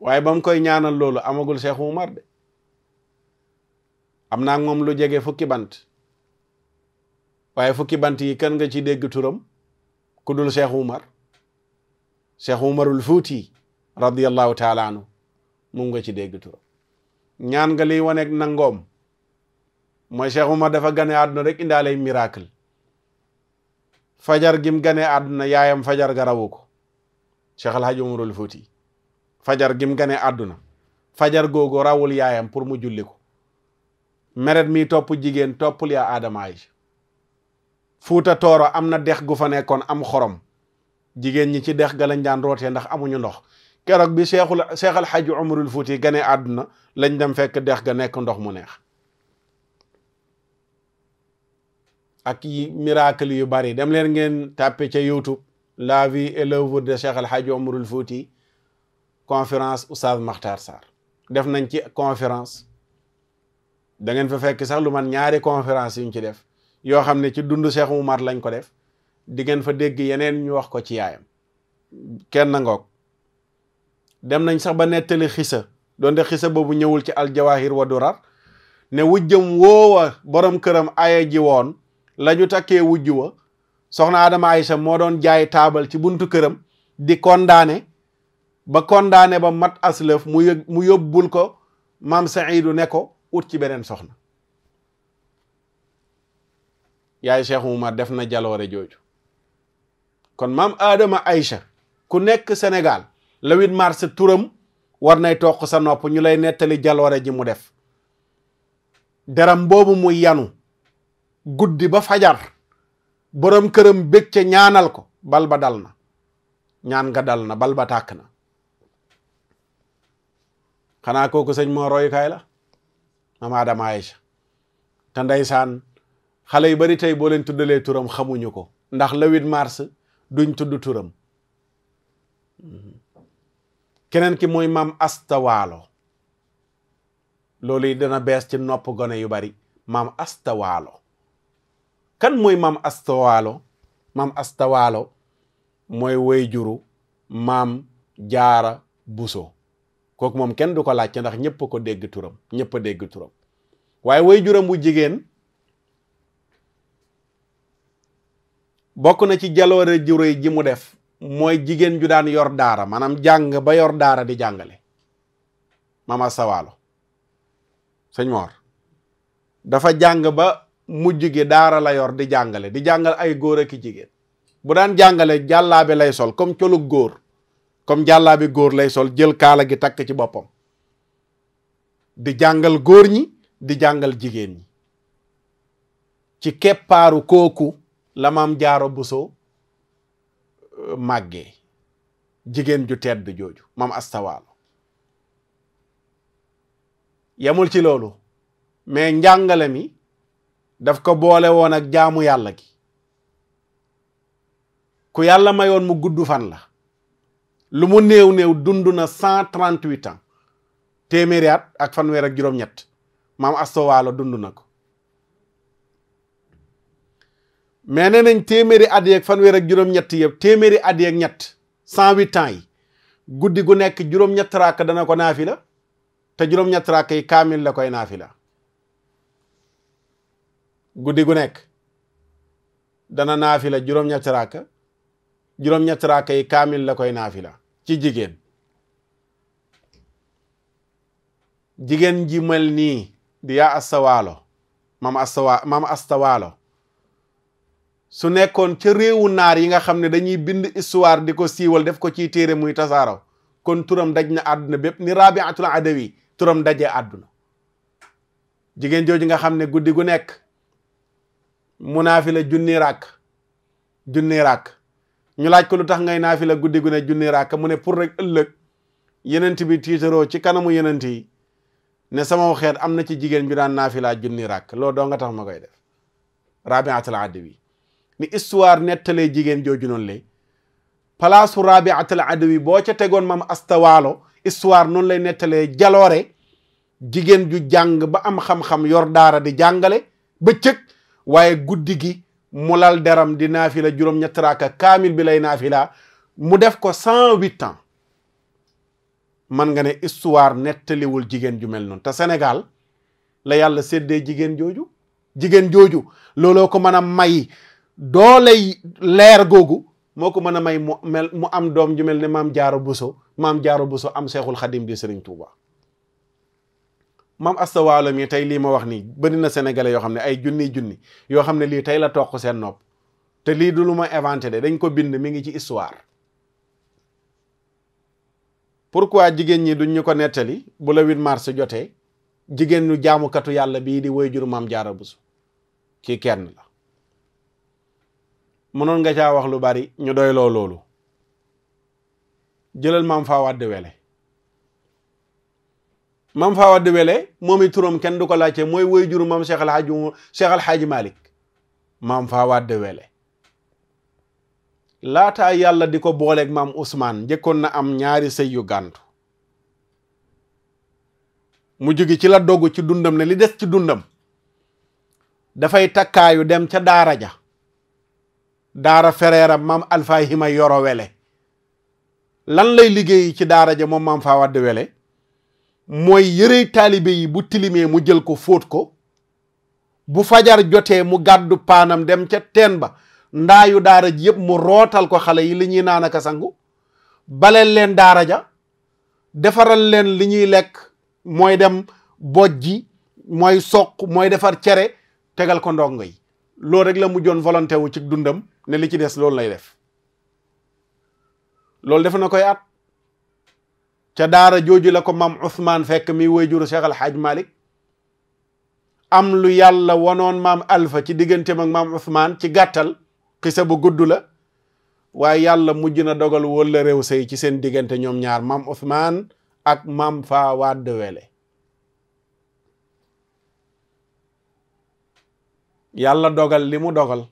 waaye ba koy ñaanal loolu amagul Cheikh Oumar de am naa moom lu jege fukki bant waaye fukki bant yi kan nga ci dégg turam ku dul Cheikh Umar Cheikh Umarul Fuuti radiyallahu taala anhu moom nga ci dégg ñaan nga liy waneeg nangoom mooy Cheikh Umar defa gane àdduna rek indaalay miracle fajar gim gane àdduna yaayam fajar ga rawu ko Cheikh El Umarul Fuuti fajar gim gane àdduna fajar googu rawul yaayam pour mu julli ko meret mi topp jigéen toppul yaa aadama Aysa fuuta tooro am na dex gu fa nekkoon am xorom jigéen ñi ci dex ga lañ daan rootee ndax amuñu ndox keroog bi seexul seex alxaaji umarul fuuti gane àdduna lañ dem fekk dex ga nekk ndox mu neex ak yi miracle yu bari dem leen ngeen tàppe ca youtube la vie et l'œuvre de Cheikh alxaaji umarul fuuti conférence oustaz Makhtar Sarr def nañ ci conférence da ngeen fa fekk sax lu man ñaari conférence yuñ ci def yoo xam ne ci dundu Cheikh Oumar lañ ko def di ngeen fa dégg yeneen ñu wax ko ci yaayam kenn ngoog dem nañ sax ba nettali xisa doonte xisa boobu ñëwul ci aljawahir wa durar ne wujjam woowa boroom këram aya ji woon la takkee wujj wa soxna Adama Aysa moo doon jaay taabal ci buntu këram di kondaane ba kondaane ba mat aslëf mu mu yóbbul ko maam Saidu ne ko ut ci beneen soxna yaay Cheikh ma def na jaloore jooju kon maam Adama Aïcha ku nekk senegaal le marse turam war nay toq sa nopp ñu lay nettali jaloore ji mu def deram boobu mu yanu guddi ba fajar borom këram bég ca ñaanal ko bal dal na ñaan nga dal na bal tàkk na xanaa kooku sëñ moo royukaay la maam Adama Aïcha te ndeysaan xale yu bari tey boo leen tuddalee turam xamuñu ko ndax le 8 mars duñ tudd turam keneen ki mooy maam astawaalo loolu yi dana bees ci nopp gone yu bari maam astawaalo kan mooy maam astawaalo maam astawaalo mooy woy juru maam jaara buso kooku moom kenn du ko laajte ndax ñëpp ko dégg turam ñëpp dégg turam waaye woy juram bu jigéen bokk na ci jaloore ju ji mu def mooy jigéen ju daan yor daara maanaam jàng ba yor daara di jàngale mama sawaalo sëñ Mor dafa jàng ba mu gi daara la yor di jàngale di jàngal ay góor ak jigéen bu daan jàngale jàllaabe lay sol comme colug góor comme jàllaabe góor lay sol jël kaala gi takk ci boppam di jàngal góor ñi di jàngal jigéen ñi ci keppaaru kooku la maam jaaro buso euh, màggee jigéen ju tedd jooju maam astawaalo yemul ci loolu mais njàngale mi daf ko boole woon ak jaamu yàlla ki ku yàlla mayoon mu gudd fan la lu mu néew néew dund na cent trente huit ans téeméeri at ak fanweer ak juróom-ñett maam astawaalo dund na ko mais nee nañ téeméeri at yeeg fanweer ak juróom-ñett yëpp téeméeri at ñett cent huit ans yi guddi gu nekk juróom-ñett raaka dana ko naafila te juróom-ñett raaka yi kaamil la koy naafila guddi gu nekk dana naafila juróom-ñett raaka juróom-ñett raaka yi kaamil la koy naafila ci jigéen jigéen ji nii di yaa astawaalo maam astawa maam astawaalo su nekkoon ca réewu naar yi nga xam ne dañuy bind histoire di ko siiwal def ko ci téere muy tasaaraw kon turam daj na àdduna bépp ni rabiatul adawi turam dajee àdduna jigéen jooju nga xam ne guddi gu nekk mu naafila junni ràkk junni ràkk ñu laaj ko lu tax ngay naafila guddi gu ne junni ràkk mu ne pour rek ëllëg yenent bi tiitaroo ci kanamu yenent yi ne sama xeet am na ci jigéen ju daan naafila junni ràkk loo doo nga tax ma koy def rabiatul adawi ni histoire nettalee jigéen jooju noonu lay palaasu rabiatal adawi boo ca tegoon mam astawaalo histoire noonu lay nettalee jaloore jigéen ju jàng ba am xam-xam yor daara di jàngale bëccëg waaye guddi gi mu lal deram di naafila juróom-ñetti raaka kaamil bi lay naafila mu def ko cent huit ans nga ne histoire nettaliwul jigéen ju mel noonu te Sénégal la yàlla séddee jigéen jooju jigéen jooju looloo ko mën a may doole leer googu moo ko mën a may mu mel mu am doom ju mel ne maam jaaro Buso maam jaaro Buso am seexul xadim di Sëriñ Tuuba mam Asta Waalo mi tey lii ma wax nii bëri na sénégalais yoo xam ne ay junni junni yoo xam ne lii tey la toq seen nopp te lii du lu ma inventé de dañ ko bind mi ngi ci histoire pourquoi jigéen ñi duñ ñu ko nettali bu la 8 mars jotee jigéen ñu jaamukatu yàlla bii di woy jur maam jaaro Buso ki kenn la mënoon nga caa wax lu bari ñu doy loolu jëlal maam faa wàdd wele maam faa wàdd wele moom i kenn du ko laajte mooy woy juru maam Cheikh Al Hadj Cheikh Al maam faa wàdd wele laataa yàlla di ko booleek maam Ousmane njëkkoon na am ñaari sëy yu mu jóge ci la dogg ci dundam ne li des ci dundam dafay takkaayu dem ca daara ja daara fereera mam Alpha Hima Yoro Wele lan lay liggéey ci daara ja moom maam Fawade Wele mooy yërey taalibe yi bu tilime mu jël ko fóot ko bu fajar jotee mu gàddu paanam dem ca teen ba ndaayu daara ji yëpp mu rootal ko xale yi li ñuy naan sangu baleel leen daara defaral leen li ñuy lekk mooy dem bojji mooy soq mooy defar cere tegal ko ndongo yi loolu rek la mujjoon volonté wu ci dundam ne li ci des loolu lay def loolu def na koy at ca daara jooju la ko mam Ousmane fekk mi wayjuru Cheikh Al Hadj Malick am lu yàlla wonoon maam Alpha ci digganteem ak maam Ousmane ci gàttal xisa bu gudd la waaye yàlla mujj na dogal wala réew sëy ci seen diggante ñoom ñaar mam Ousmane ak maam Fawade Wele yàlla dogal li mu dogal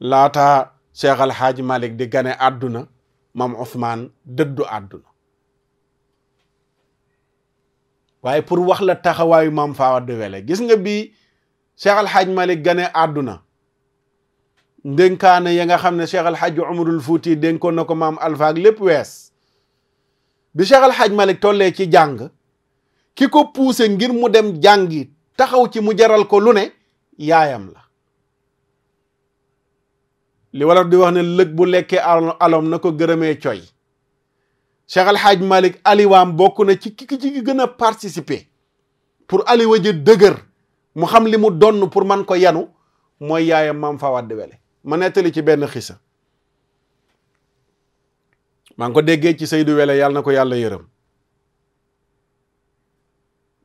laata Cheikh Al Hadj Malick di gane àdduna maam Ousmane dëddu àdduna waaye pour wax la taxawaayu maam Fawade Wele gis nga bi Cheikh Al Hadj Malick gane àdduna ndénkaane ya nga xam ne Cheikh Al Hadj Umarul Fouti dénkoon na ko maam Alpha ak lépp wees bi Cheikh Al Hadj Malick ci jàng ki ko poussé ngir mu dem jàngi taxaw ci mu jaral ko lu ne yaayam la. li wolof di wax ne lëg bu lekkee alom na ko gërëmee coy Cheikh Al Hadj Malick aliwaam bokk na ci ki ci gën a participer pour aliwa jë dëgër mu xam li mu donn pour man ko yanu mooy yaayam maam Fawade Wele ma nettali ci benn xisa maa ngi ko déggee ci Seydou Wele yàlla na ko yàlla yërëm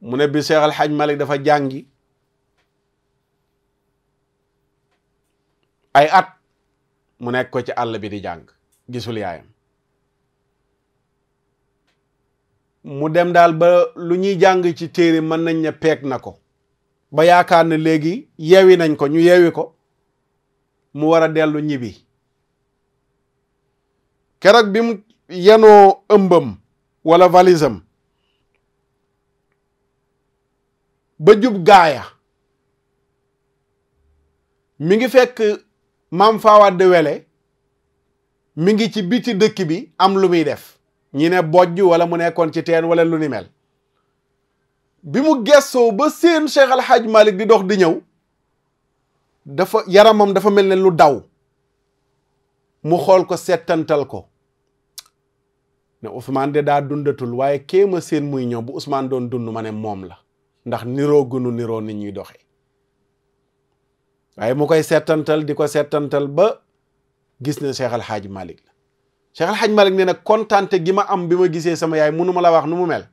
mu ne bi Cheikh Al Hadj dafa jàngi ay at mu nekk ko ci àll bi di jàng gisul mu dem daal ba lu ñuy jàng ci téere mën nañ ne peeg na ko ba yaakaar ne léegi yeewi nañ ko ñu yeewi ko mu war a dellu ñibbi keroog bi mu yenoo ëmbam wala valisam ba jub gaaya mi ngi fekk maam faawaat de wele mi ngi ci biti dëkk bi am lu muy def ñi ne bojj wala mu nekkoon ci teen wala lu ni mel bi mu gessoo ba séen Cheikh Al Hadj Malick di dox di ñëw dafa yaramam dafa mel ne lu daw mu xool ko settantal ko ne Ousmane de daa dundatul waaye a séen muy ñëw bu usmaan doon dund ma ne moom la ndax niroo gënu niroo nit ñuy doxee waaye mu koy seetantal di ko seetantal ba gis ne Cheikh Al malik Malick la Cheikh Al Hadj Malick na kontante gi ma am bi ma gisee sama yaay mënu ma la wax nu mu mel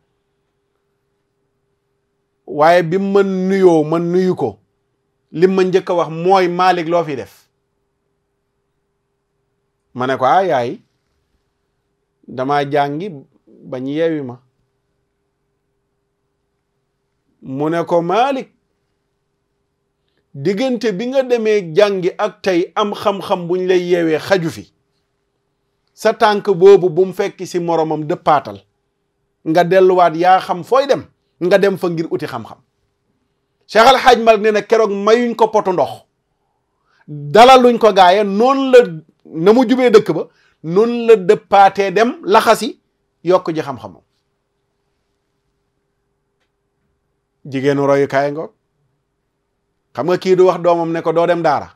waaye bi ma nuyoo ma nuyu ko li ma njëkk a wax mooy Malick loo fi def ma ne ko ah yaay damaa jàngi bañ yeewi ma mu ne ko malik diggante bi nga demee jàngi ak tey am xam-xam buñ lay yeewee xaju fi sa tànk boobu bu mu fekk si moroomam dëppaatal nga delluwaat yaa xam fooy dem nga dem fa ngir uti xam-xam Cheikh Al Hadj Malick na keroog mayuñ ko potu ndox dalaluñ ko gaaya noonu la na mu jubee dëkk ba noonu la dëppaatee dem laxasi yokk ji xam-xamam jigéenu royukaay ngoog xam nga kii du wax doomam ne ko doo dem daara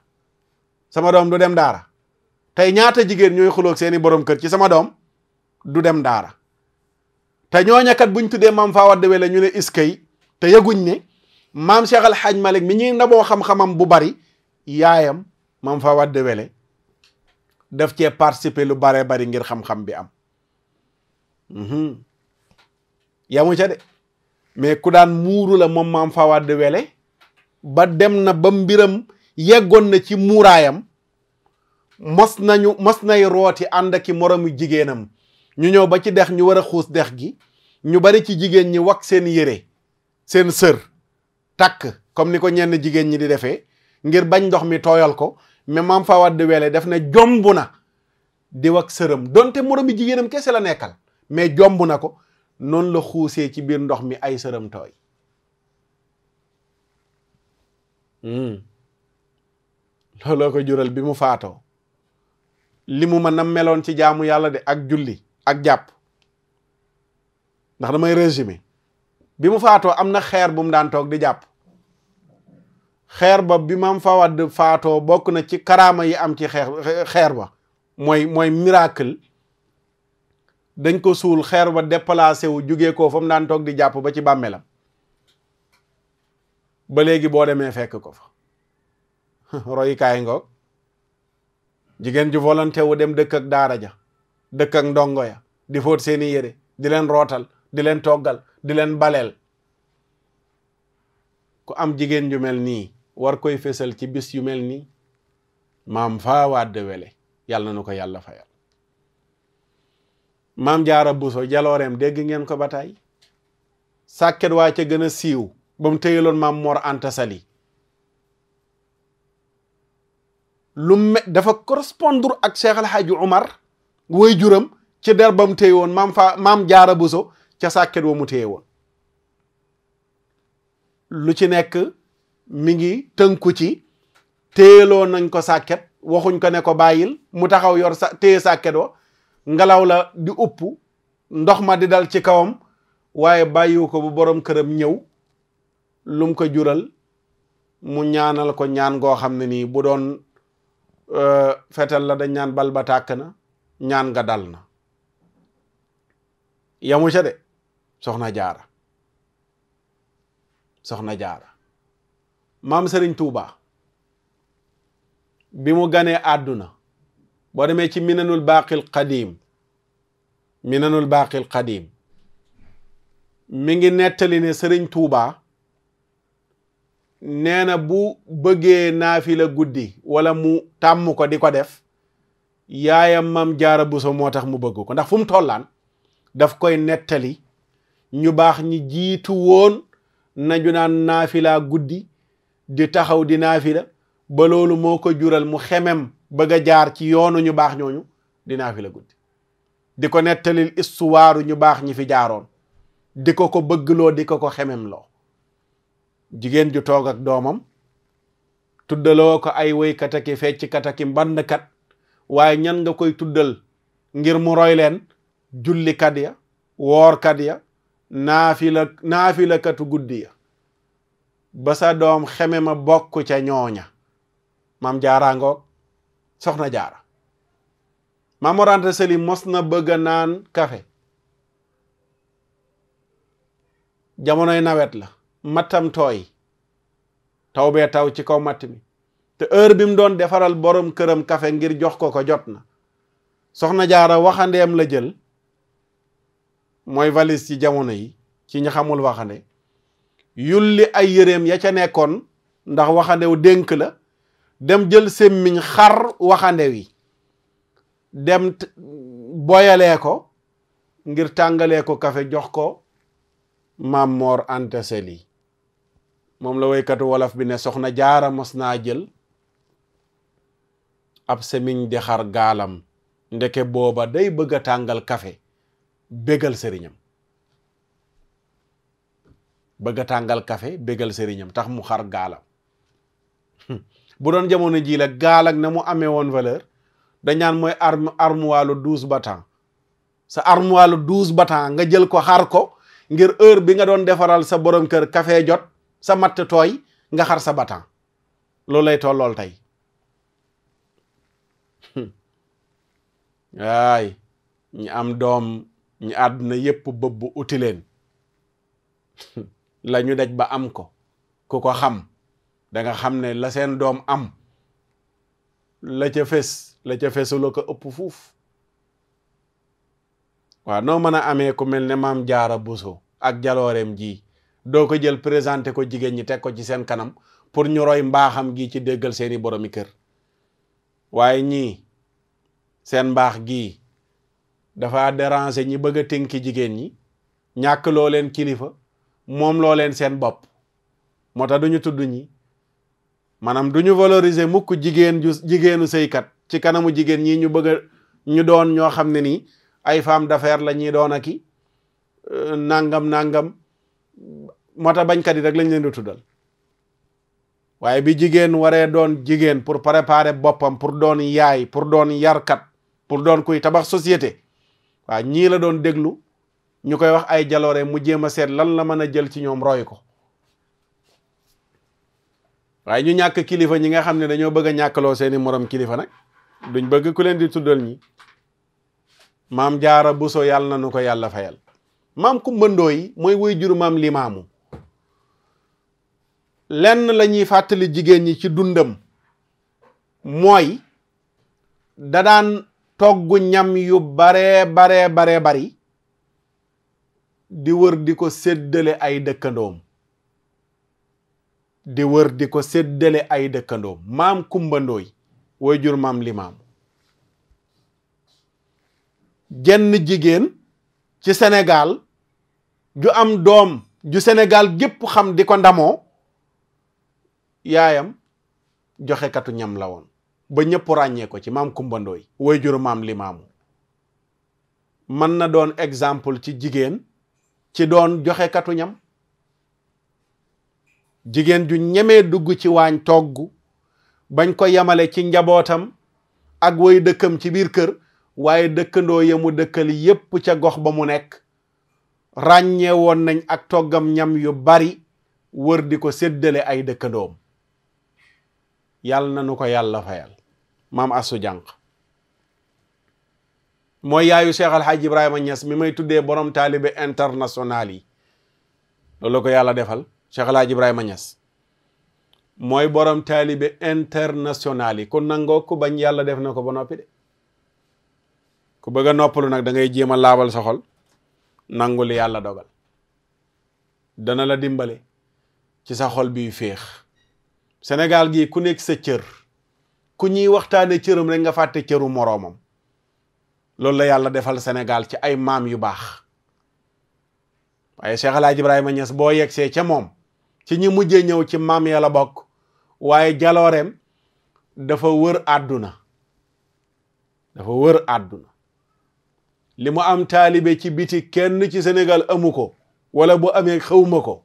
sama doom du dem daara tey ñaata jigéen ñooy xuloog seeni borom kër ci sama doom du dem daara te ñooña kat buñ tuddee maam faa wadde wele ñu ne iskay te yaguñ ne maam Cheikh Al Hadj Malick mi ñuy ndaboo xam-xamam bu bari yaayam maam faa wadde wele daf cee participer lu baree bari ngir xam-xam bi am mhm. yamu ca de mais ku daan muuru moom maam faa wadde wele ba dem na ba mbiram yeggoon na ci muuraayam mos nañu mos nay rooti ànd ak i moromu jigéenam ñu ñëw ba ci dex ñu war a xuus dex gi ñu bari ci jigéen ñi wax seen yére seen sër takk comme ni ko ñenn jigéen ñi di defee ngir bañ ndox mi tooyal ko mais maam fa wadd wele def ne jomb na di wax sëram donte moromi jigéenam kese la nekkal mais jomb na ko noonu la xuusee ci biir ndox mi ay sëram tooy Hmm. looloo ko jural bi mu faatoo li mu ma nam meloon ci jaamu yàlla de ak julli ak jàpp ndax damay résumé bi mu faatoo am na xeer bu mu daan toog di jàpp xeer ba bi maam Fawad faatoo bokk na ci karaama yi am ci xeer xeer ba mooy mooy miracle dañ ko suul xeer ba déplacé wu jugee ko fa mu daan toog di jàpp ba ci bàmmeelam ba léegi boo demee fekk ko fa royukaay ngoog jigéen ju volonté wu dem dëkk ak daara ja dëkk ak ndongo ya di foot seeni yére di leen rootal di leen toggal di leen baleel ku am jigéen ju mel nii war koy fesal ci bis yu mel nii maam faa waadde wele yàlla na ko yàlla fayal maam jaara buso jalooreem dégg ngeen ko ba tey sàkket waa ca gën a siiw ba mu téyeloon maam Mor Anta Sali lu me dafa correspondre ak Cheikh El Hadj woy juram ci der ba mu téye woon maam fa maam Jaara Buso ca sàkket wa mu téye woon lu ci nekk mi ngi tënku ci téyeloo nañ ko sàkket waxuñ ko ne ko bàyyil mu taxaw yor sa sàkket wa ngelaw la di upp ndox ma di dal ci kawam waaye bàyyiwu ko bu boroom këram ñëw lum ko jural mu ñaanal ko ñaan goo xam ne nii bu doon euh, fetal la dañ ñaan bal ba tàkk na ñaan nga dal na yamu ca de soxna jaara soxna jaara maam sëriñ tuubaa bi mu ganee àdduna boo demee ci minanul baaqil qadim minanul baaqil qadim mi ngi nettali ne sëriñ tuubaa nee na bu bëggee naafila guddi wala mu tàmm ko di ko def yaayam mam jaara buso moo tax mu bëgg ko ndax fu mu tollaan daf koy nettali ñu baax ñi jiitu woon nañu naan naafila guddi di taxaw di naafila ba loolu moo ko jural mu xemem bëgg a jaar ci yoonu ñu baax ñooñu di naafila guddi di ko nettalil istuwaaru ñu baax ñi fi jaaroon di ko ko bëggloo di ko ko xemem loo jigéen ju toog doomam tuddaloo ko ay woykat ak i fecckat ak i waaye ñan nga koy tuddal ngir mu royleen leen jullikat ya woorkat ya naafila naafilakatu guddi ya ba sa doom xeme ma bokk ca ñooña maam jaaraangoog soxna jaara maam Mor Anta Sali mos na bëgg a naan kafe jamonoy nawet la mattam tooy taw bee taw ci kaw matt mi te heure bi mu doon defaral borom këram kafe ngir jox ko ko jot na soxna jaara waxandeem la jël mooy valis ci jamono yi ci ñi xamul waxande yulli ay yëreem ya ca nekkoon ndax waxandew dénk la dem jël semmiñ xar waxande wi dem boyalee ko ngir tàngalee ko kafe jox ko maam Mor Anta Sali moom la woykatu wolof bi ne soxna jaara mos naa jël ab semiñ di xar gaalam ndeke booba day bëgg a tàngal kafe bégal sëriñam bëgg tàngal kafe bégal sëriñam tax mu xar gaalam hmm. bu doon jamono jii la gaal ak na mu amee woon valeur dañaan mooy arme dose douze sa armoire dose battant nga jël ko xar ko ngir heure bi nga doon defaral sa borom kër kafe jot sa matt tooy nga xar sa batan loolu lay tollool lool tey waay ñi am doom ñi àdduna yépp bëbb uti leen la ñu daj ba am ko ku ko xam danga xam ne la seen doom am la ca fes la ca fesula ko ëpp fuuf waaw noo mën a amee ku mel ne maam jaara buso ak jalooreem ji doo ko jël présenté ko jigéen ñi teg ko ci seen kanam pour ñu roy mbaaxam gi ci déggal seeni boromi kër waaye ñii seen mbaax gii dafa déranger ñi bëgg a tënki jigéen ñi ñàkk loo leen kilifa moom loo leen seen bopp moo tax duñu tudd ñi maanaam duñu valoriser mukk jigéen ju jigéenu sëykat ci kanamu jigéen ñi ñu bëgg ñu doon ñoo xam ne nii ay femme d'affaires la ñuy doon ki euh, nangam nangam moo tax bañkat yi rek lañ leen di tuddal waaye bi jigéen waree doon jigéen pour préparer boppam pour doon yaay pour doon kat pour doon kuy tabax société waaw ñii la doon déglu ñu koy wax ay jaloore mu jéem a seet lan la mën a jël ci ñoom roy ko waaye ñu ñàkk kilifa ñi nga xam ne dañoo bëgg a ñàkkaloo seeni moroom kilifa nag duñ bëgg ku leen di tuddal ñi maam jaara buso yàlla na nu ko yàlla fayal maam ku mooy woy juru maam limaamu lenn lañuy fàttali jigéen ñi ci dundam mooy da daan togg ñam yu bare baree baree bari di wër di ko séddale ay dëkkandoom di wër di ko séddale ay dëkkandoom maam kumbandooy way jur maam limaam jenn jigéen ci senegal ju am doom ju Sénégal gépp xam di ko ndamoo yaayam joxekatu ñam la woon ba ñëpp ràññee ko ci maam kumbandooy way juru maam limaamu mën na doon exemple ci jigéen ci doon joxekatu ñam jigéen ju ñemee dugg ci waañ togg bañ ko yemale ci njabootam ak woy dëkkam ci biir kër waaye dëkkandoo ya mu dëkkal yépp ca gox ba mu nekk ràññee woon nañ ak toggam ñam yu bari wër di ko seddale ay dëkkandoom yàlla na nu ko yàlla fayal maam assu jànq mooy yaayu Cheikh Al Hadj Ibrahima Niass mi may tuddee borom taalibe international yi loolu ko yàlla defal Cheikh Al Hadj Ibrahima Niass mooy borom taalibe international yi ku nangoo ku bañ yàlla def na ko ba noppi de ku bëgg a noppalu nag dangay ngay jéem a laabal sa xol nangu li yàlla dogal dana la dimbale sa xol biy féex. Sénégal gii ku nekk sa cër ku ñuy waxtaane cëram rek nga fàtte cëru moroomam loolu la yàlla defal Sénégal ci ay maam yu baax waaye Cheikh El Hadj Ibrahima Niass boo yegsee ca moom ci ñi mujje ñëw ci maam yala bokk waaye jalooreem dafa wër àdduna dafa wër àdduna li mu am taalibe ci biti kenn ci senegal amu ko wala bu amee xawma ko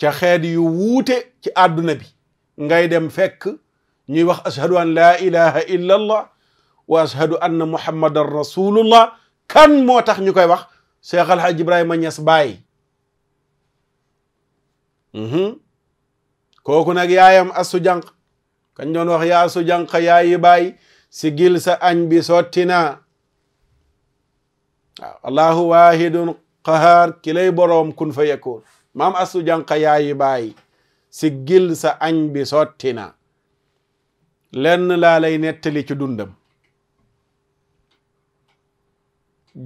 ca xeet yu wuute ci àdduna bi ngay dem fekk ñuy wax ashhadu an laa ilaha illa wa ashhadu anna muhammadan rasulullah kan moo tax ñu koy wax cheikh alhaj ibrahima ñas baay mhm. kooku nag yaayam asu jànq kañ doon wax yaa asu jànq yaayi baay si gil sa añ bi sotti naa waaw allahu waahidun qahaar ki lay boroom kun fa yakun mam astu jànqa yaayu baay si gil sa añ bi sotti na lenn laa lay nettali ci dundam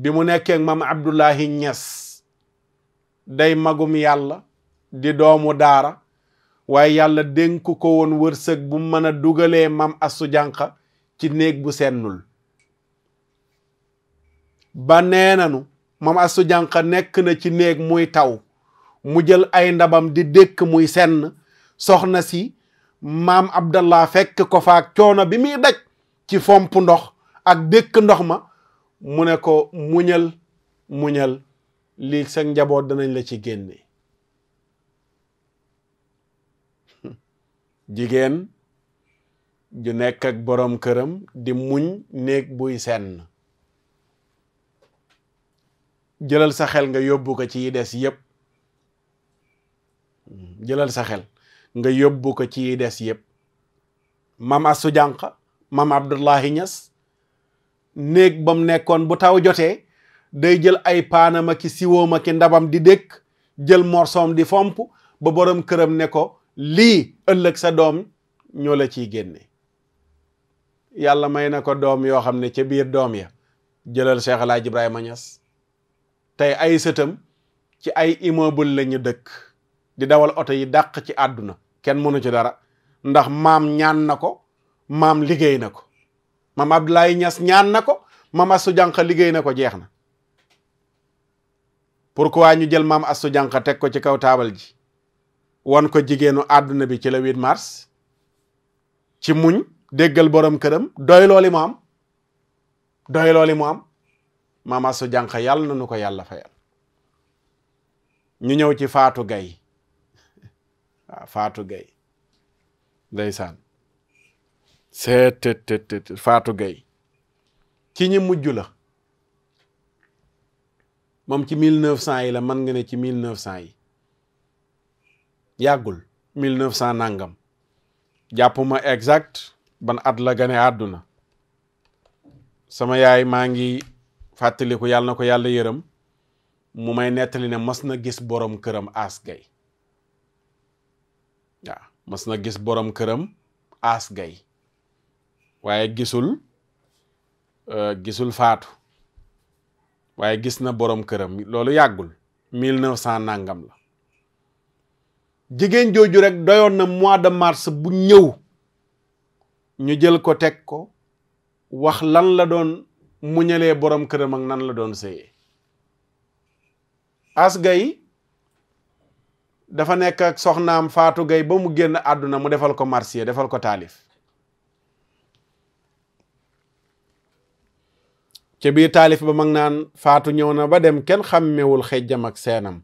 bi mu nekkee maam Abdullahi Ñas day magum yàlla di doomu daara waaye yàlla dénk ko woon wërsëg bu mën a dugalee maam astu jànqa ci néeg bu sennul ba nee nanu astu jànqa nekk na ci néeg muy taw mu jël ay ndabam di dëkk muy senn soxna si maam abdallah fekk ko faak coono bi muy daj ci fomp ndox ak dëkk ndox ma mu ne ko muñal muñal lii sa njaboot danañ la ci génne jigéen ju nekk boroom këram di muñ néeg buy senn jëlal sa xel nga yóbbu ko ci yi des yépp jëlal sa xel nga yóbbu ko ci des yépp mam Astou Diankha mam Abdullahi Niass néeg ba nekkoon bu taw jotee day jël ay paanam ak siwoom ak ndabam di dëkk jël morsoom di fomp ba boroom këram ne ko lii ëllëg sa doom ñoo la ciy génne yàlla may na ko doom yoo xam ne ca biir doom ya jëlal Cheikh El Hadj Ibrahima Niass tey ay sëtam ci ay immeuble la ñu dëkk di dawal oto yi dàq ci àdduna kenn mënu ci dara ndax maam ñaan na ko maam liggéey na ko maam Abdoulaye Niass ñaan na ko maam Assou Diankha liggéey na ko jeex na pourquoi ñu jël maam assu Diankha teg ko ci kaw taabal ji wan ko jigéenu àdduna bi ci la 8 mars ci muñ déggal boroom këram doy looli mu am doy looli mu am maam Assou Diankha yàlla na nu ko yàlla fayal ñu ñëw ci Fatou Gaye waaw ah, Fatou Gueye ndeysaan seet tët tët tët Fatou ci ñi mujj la moom ci mille neuf cent yi la mën nga ne ci mille neuf cent yi yàggul mill neuf cent nangam jàppuma exact ban at la gane àdduna sama yaay maa ngi fàttaliku yàlla na ko yàlla yërëm mu may nettali ne mas na gis borom këram aas gay waaw mas na gis borom këram aas gay waaye gisul uh, gisul faatu waaye gis na borom këram loolu yàggul mille neuf cent nangam la jigéen jooju rek doyoon na mois de mars bu ñëw ñu jël ko teg ko wax lan la doon muñalee borom këram ak nan la doon séyee asga yi dafa nekk ak soxnaam Faatu Gay ba mu génn àdduna mu defal ko marsiya defal ko taalif ca biir taalif ba mag naan faatu ñëw na ba dem kenn xàmmewul xejjam ak seenam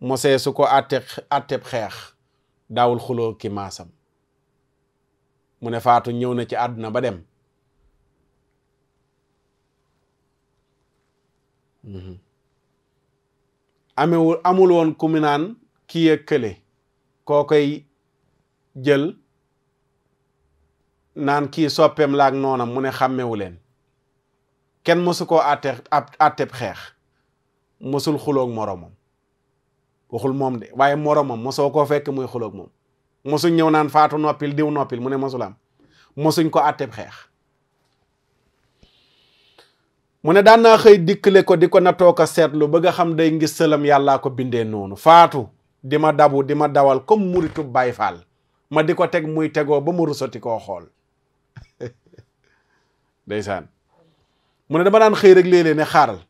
mosee su ko atte xeex daawul xuloo ki maasam mu ne faatu ñëw na ci àdduna ba dem mhm. amewul amul woon ku mu naan kii ak kële koo jël naan kii soppeem laak noonam mu ne xàmmewu leen kenn mësu koo àtte ab xeex mësul xuloog moroomam waxul moom de waaye moroomam mosoo koo fekk muy xuloog moom mosuñ ñëw naan faatu noppil diw noppil mu ne mosulaam mosuñ ko àtteb xeex mu ne daan naa xëy dikkale ko di ko nattoo ko seetlu ba nga xam day ngis sëlam yàllaa ko bindee noonu faatu di ma dabu di ma dawal comme muritu Baay Faal ma di ko teg muy tegoo ba mu rusati koo xool ndeysaan mu ne dama daan xëy rek léeg ne xaaral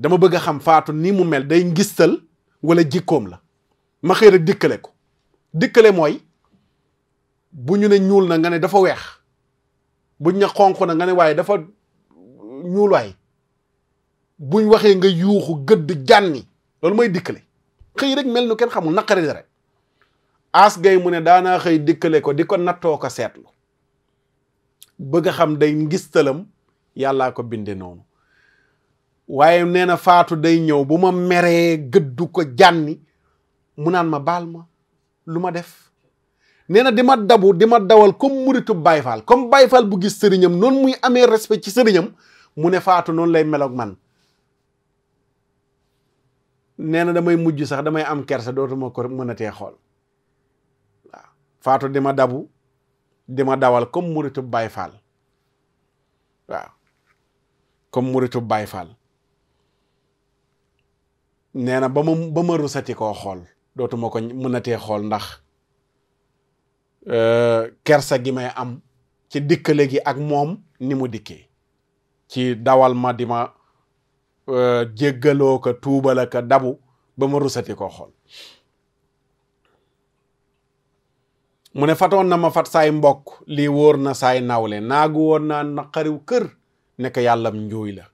dama bëgg a xam faatu nii mu mel day ngistal wala jikkoom la ma xëy dikkale ko dikkale mooy bu ñu ne ñuul na nga ne dafa weex buñ ne xonq na nga ne waaye dafa ñuul waay buñ waxee nga yuuxu gëdd jànni loolu mooy dikkale xëy rek mel nu kenn xamul naqari rek as gay mu ne daanaa xëy dikkale ko di ko nattoo ko seetlu bëgg a xam day ngistalam yàllaa ko binde noonu waaye nee na faatu day ñëw bu ma meree gëddu ko jànni mu naan ma baal ma lu ma def nee na di ma dabu di ma dawal comme muritu Baay Faal comme Baay bu gis sëriñam noonu muy amee respect ci sëriñam mu ne faatu noonu lay meloog man nee na damay mujj sax damay am kerse dootuma ko mën a tee xool waaw faatu di ma dabu di ma dawal comme muritu Baay Faal waaw comme muritu bay Faal nee na ba ma rusati koo xool dootuma ko mën a tee xool ndax euh, kerse gi may am ci dikkale gi ak moom ni mu dikkee ci dawal ma di Euh, jéggaloo ko tuubala ko dabu ba ma rusati koo xool mu ne fatoon na ma fat saay mbokk lii wóor na saay nawle naagu woon naa naqariw kër nekk yàllam njuuy la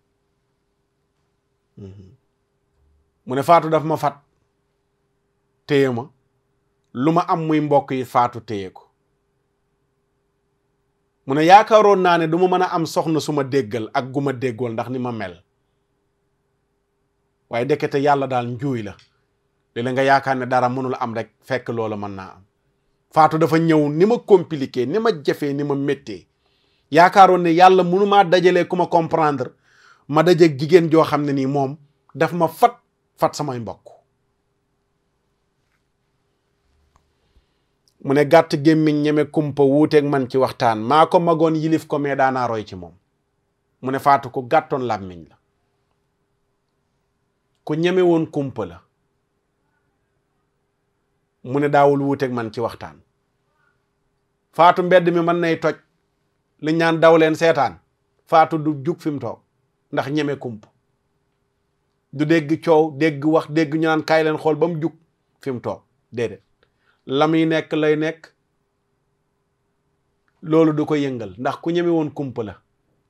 mhm. mu ne faatu daf ma fat téye ma lu ma am muy mbokk yi faatu téye ko mu ne yaakaaroon naa ne du ma mën a am soxna su ma déggal ak gu ma déggool ndax ni ma mel waaye dekkete yàlla daal njuuy la léeg nga yaakaar ne dara mënul am rek fekk loolu mën naa am faatu dafa ñëw ni ma compliqué ni ma jafee ni ma méttee yaakaaroon ne yàlla mënu maa dajale ku ma comprendre ma dajeeg jigéen joo xam ne nii moom daf ma fat fat samay mbokk mu ne gàtt gémmiñ ñeme kumpa wuuteeg man ci waxtaan maa ko magoon yilif ko mais daanaa roy ci moom mu ne faatu ko gàttoon làmmiñ la ku ñeme woon kumpa la mu ne daawul wuuteeg man ci waxtaan faatu mbedd mi mën nay toj li ñaan daw leen seetaan faatu du jug fi mu toog ndax ñeme kump du dégg coow dégg wax dégg ñu naan kaay xool ba mu jug fi mu toog déedéet la muy nekk lay nekk loolu du ko yëngal ndax ku ñeme woon kumpa la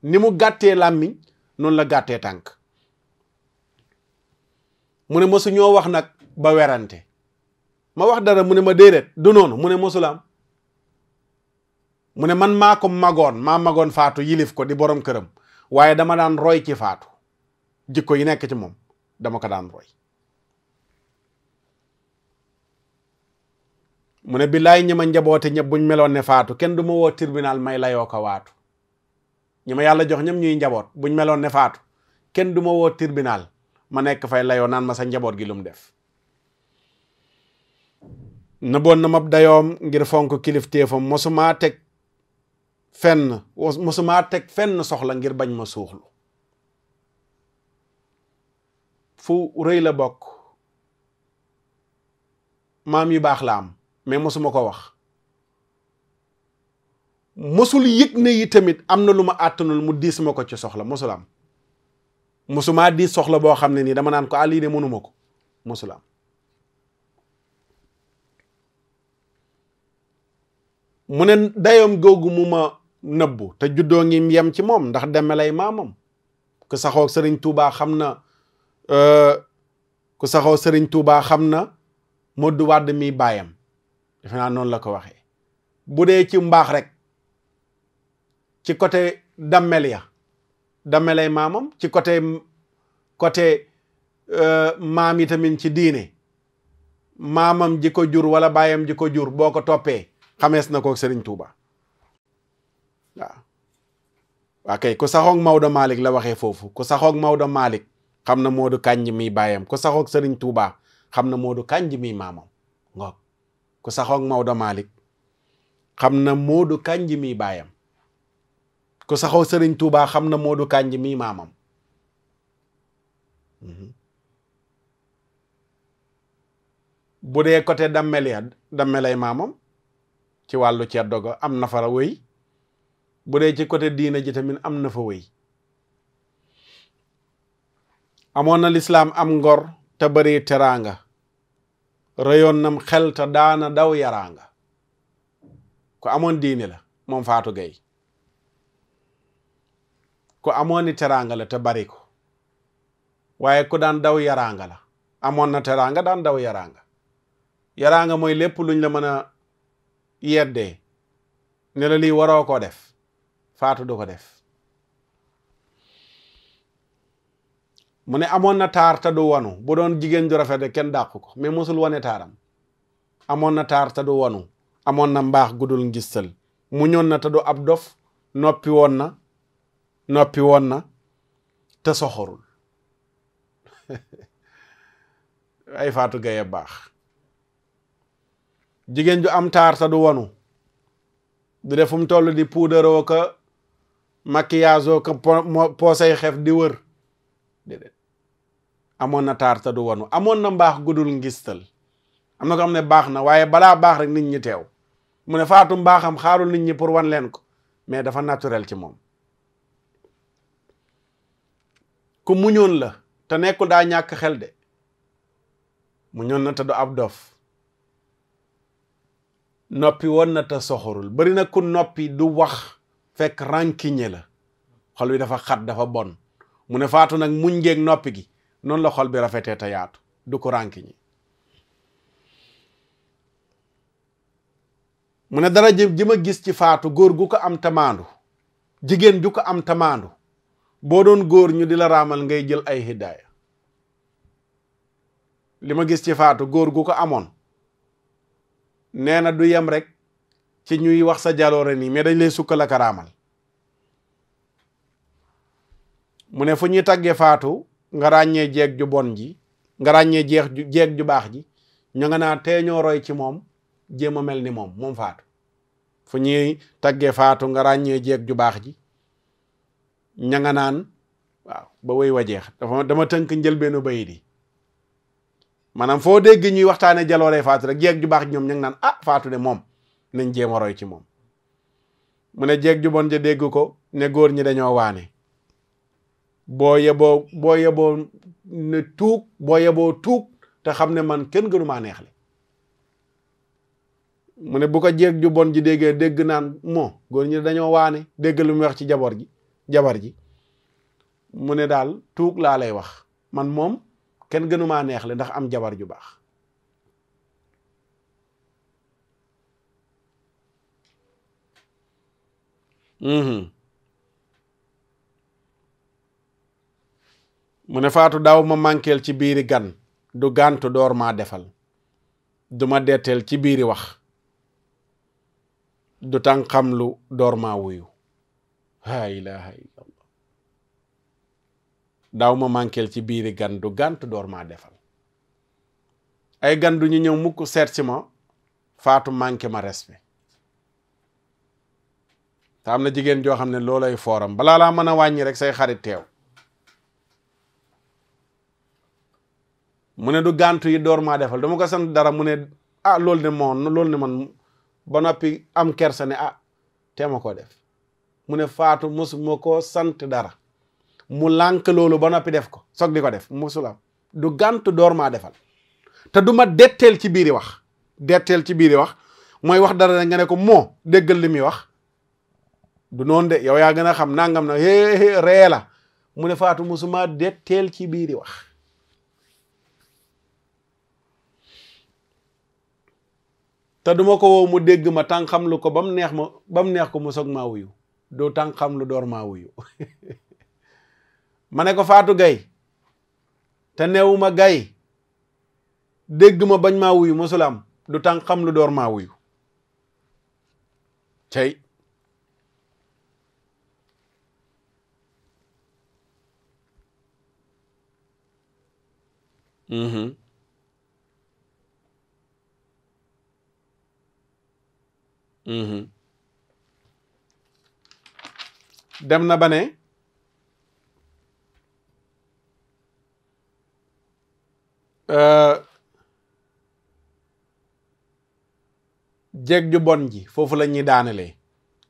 ni mu gàttee làmmiñ noonu la gàttee tànk mune ne ñoo wax nag ba werante ma wax dara mu ne ma déedéet du noonu mu ne mosula mu ne man maa ko magoon maa magoon faatu yilif ko di borom këram waaye dama daan roy ci faatu jikko yi nekk ci moom dama ko daan roy mu ne billaay ñi njaboote ñëpp buñ meloon ne faatu kenn du ma woo tribunal may layoo ko waatu ñi yàlla jox ñoom ñuy njaboot buñ meloon ne kenn du ma woo tribunal ma nekk fay layoo naan ma sa njaboot gi lu mu def nëboon na ma dayoom ngir fonk kilifteefam mosumaa teg fenn mosumaa teg fenn soxla ngir bañ ma suuxlu fu rëy la bokk maam yi baax la am mais mosuma ko wax mosul yëg ne yi tamit am na lu ma àttanul mu diis ma ko ci soxla mosul am mosumaa di soxla boo xam ne nii dama naan ko ah lii de mënuma ko mosula am mu ne dayoom googu mu ma nëbbu te juddoo ngi yem ci moom ndax deme lay maamam ku saxoo sëriñ Touba xam na euh, ku saxoo sëriñ Touba xam na Modou Wade mi baayam defe naa noonu la ko waxee bu dee ci mbaax rek ci côté dammel ya damelay mamam ci côté côté euh, maam yi tamit ci diine maamam ji ko jur wala baayam ji ko jur boo ko toppee xamees na ko Serigne Touba waaw waa kay ku saxoog malik la waxee foofu ku saxoog Maodo malik xam na Modou Kandji mi baayam ku saxoog Serigne Touba xam na Modou Kandji mi maamam ngoog ku saxoog Maodo malik xam na Modou Kandji mi bayam ku saxoo sëriñ Touba xam na Modou Kandji mii maamam mhm. bu dee côté dammel ya dammelay maamam ci wàllu ceddo ga am na wëy bu dee ci côté diina ji tamit am na fa wëy amoon na lislaam am ngor te bari teraanga rayoon nam xel daana daw yaraanga ko amoon diine la moom Fatou Gueye ku amoon ni teraanga la te bari ko waaye ku daan daw yaraanga la amoon na teraanga daan daw yaraanga yaraanga mooy lépp luñ la mën a yeddee ne la lii waroo koo def faatu du ko def mu ne amoon na taar te du wanu bu doon jigéen ju rafet kenn dàq ko mais mosul wane taaram amoon na taar te du wanu amoon na mbaax gudul ngistal mu ñoon na te du ab dof noppi woon na noppi woon na te soxorul ay faatu gaye baax jigéen ju am taar te du wonu du def fu mu toll di puudaroo ka maquillage oo ka poosay xef di wër déedéet amoon na taar te du wonu amoon na mbaax guddul ngistal am na ko xam ne baax na waaye balaa baax rek nit ñi teew mu ne faatu mbaaxam xaarul nit ñi pour wan leen ko mais dafa naturel ci moom ku muñoon la te nekkul daa ñàkk xel de mu muñoon na te du ab dof noppi woon na ta soxorul bari na ku noppi du wax fekk rànkiñe la xol wi dafa xat dafa bon mu ne faatu nag muñ ngeeg noppi gi noonu la xol bi rafetee te yaatu du ko rànkiñe mu ne dara ji ma gis ci faatu góor gu ko am tamaandu jigéen ju ko am tamaandu boo doon góor ñu di la raamal ngay jël ay hidaaya li ma gis ci faatu góor gu ko amoon nee na du yem rek ci ñuy wax sa jaloore nii mais dañ lay sukkal ak raamal mu ne fu ñuy taggee faatu nga ràññee jeeg ju bon ji nga ràññee jeex ju jeeg ju baax ji ñu nga naa tee roy ci moom jéem a mel ni moom moom faatu fu ñuy taggee faatu nga ràññee jeeg ju baax ji ña nga naan waaw ba way wajeex dafa dama tënk njëlbeenu bayit yi maanaam foo dégg ñuy waxtaane jalooree faatu rek jeeg ju baax ñoom ña nga naan ah faatu de moom nañ jéem roy ci moom mu ne jeeg ju bon ja dégg ko ne góor ñi dañoo waane boo yeboo boo yeboo ne tuug boo yeboo tuug te xam ne man kenn gënu maa neexle mu ne bu ko jeeg ju ji déggee dégg naan moo góor ñi dañoo waane dégg lu ci jaboor gi jabar ji mu ne daal tuug laa lay wax man moom kenn gënumaa neexle ndax am jabar ju baax mhm. mu ne faatu daaw ma mànkeel ci biiri gan du gàntu door maa defal duma ma detteel ci biiri wax du tànqamlu door maa wuyu laa ilaha illa allah daaw ma manquel ci biiri gan du gànt door maa defal ay gan du ñu ñëw mukk seet si ma faatu manqué ma respect te na jigéen joo xam ne loolay fooram balaa laa mën a wàññi rek say xarit teew mu ne du gàntu yi door maa defal dama ko sant dara mu ne a ah, lool ne loolu ne man ba noppi am kersa ne ah teema koo def mu ne faatu mosuma koo sant dara mu lànk loolu ba noppi def ko sog di ko def mosula du gànt door maa defal te du ma detteel ci biiri wax detteel ci biiri wax mooy wax dara rek ne ko moo déggal li muy wax du noonu de yow yaa gën a xam nangam na hee la mu ne faatu mosuma detteel ci biiri wax te duma ko woo mu dégg ma tàng xam lu ko ba mu neex ma ba mu neex ko mu soog maa wuyu doo tàng xam lu door maa wuyu ma ne ko Fatou gay te newuma Gaye dégg ma bañ maa wuyu mosul am du tàng xam lu door maa wuyu cey Mm-hmm. mm-hmm. dem na ba ne euh, jeeg ju bon ji foofu lañuy daanale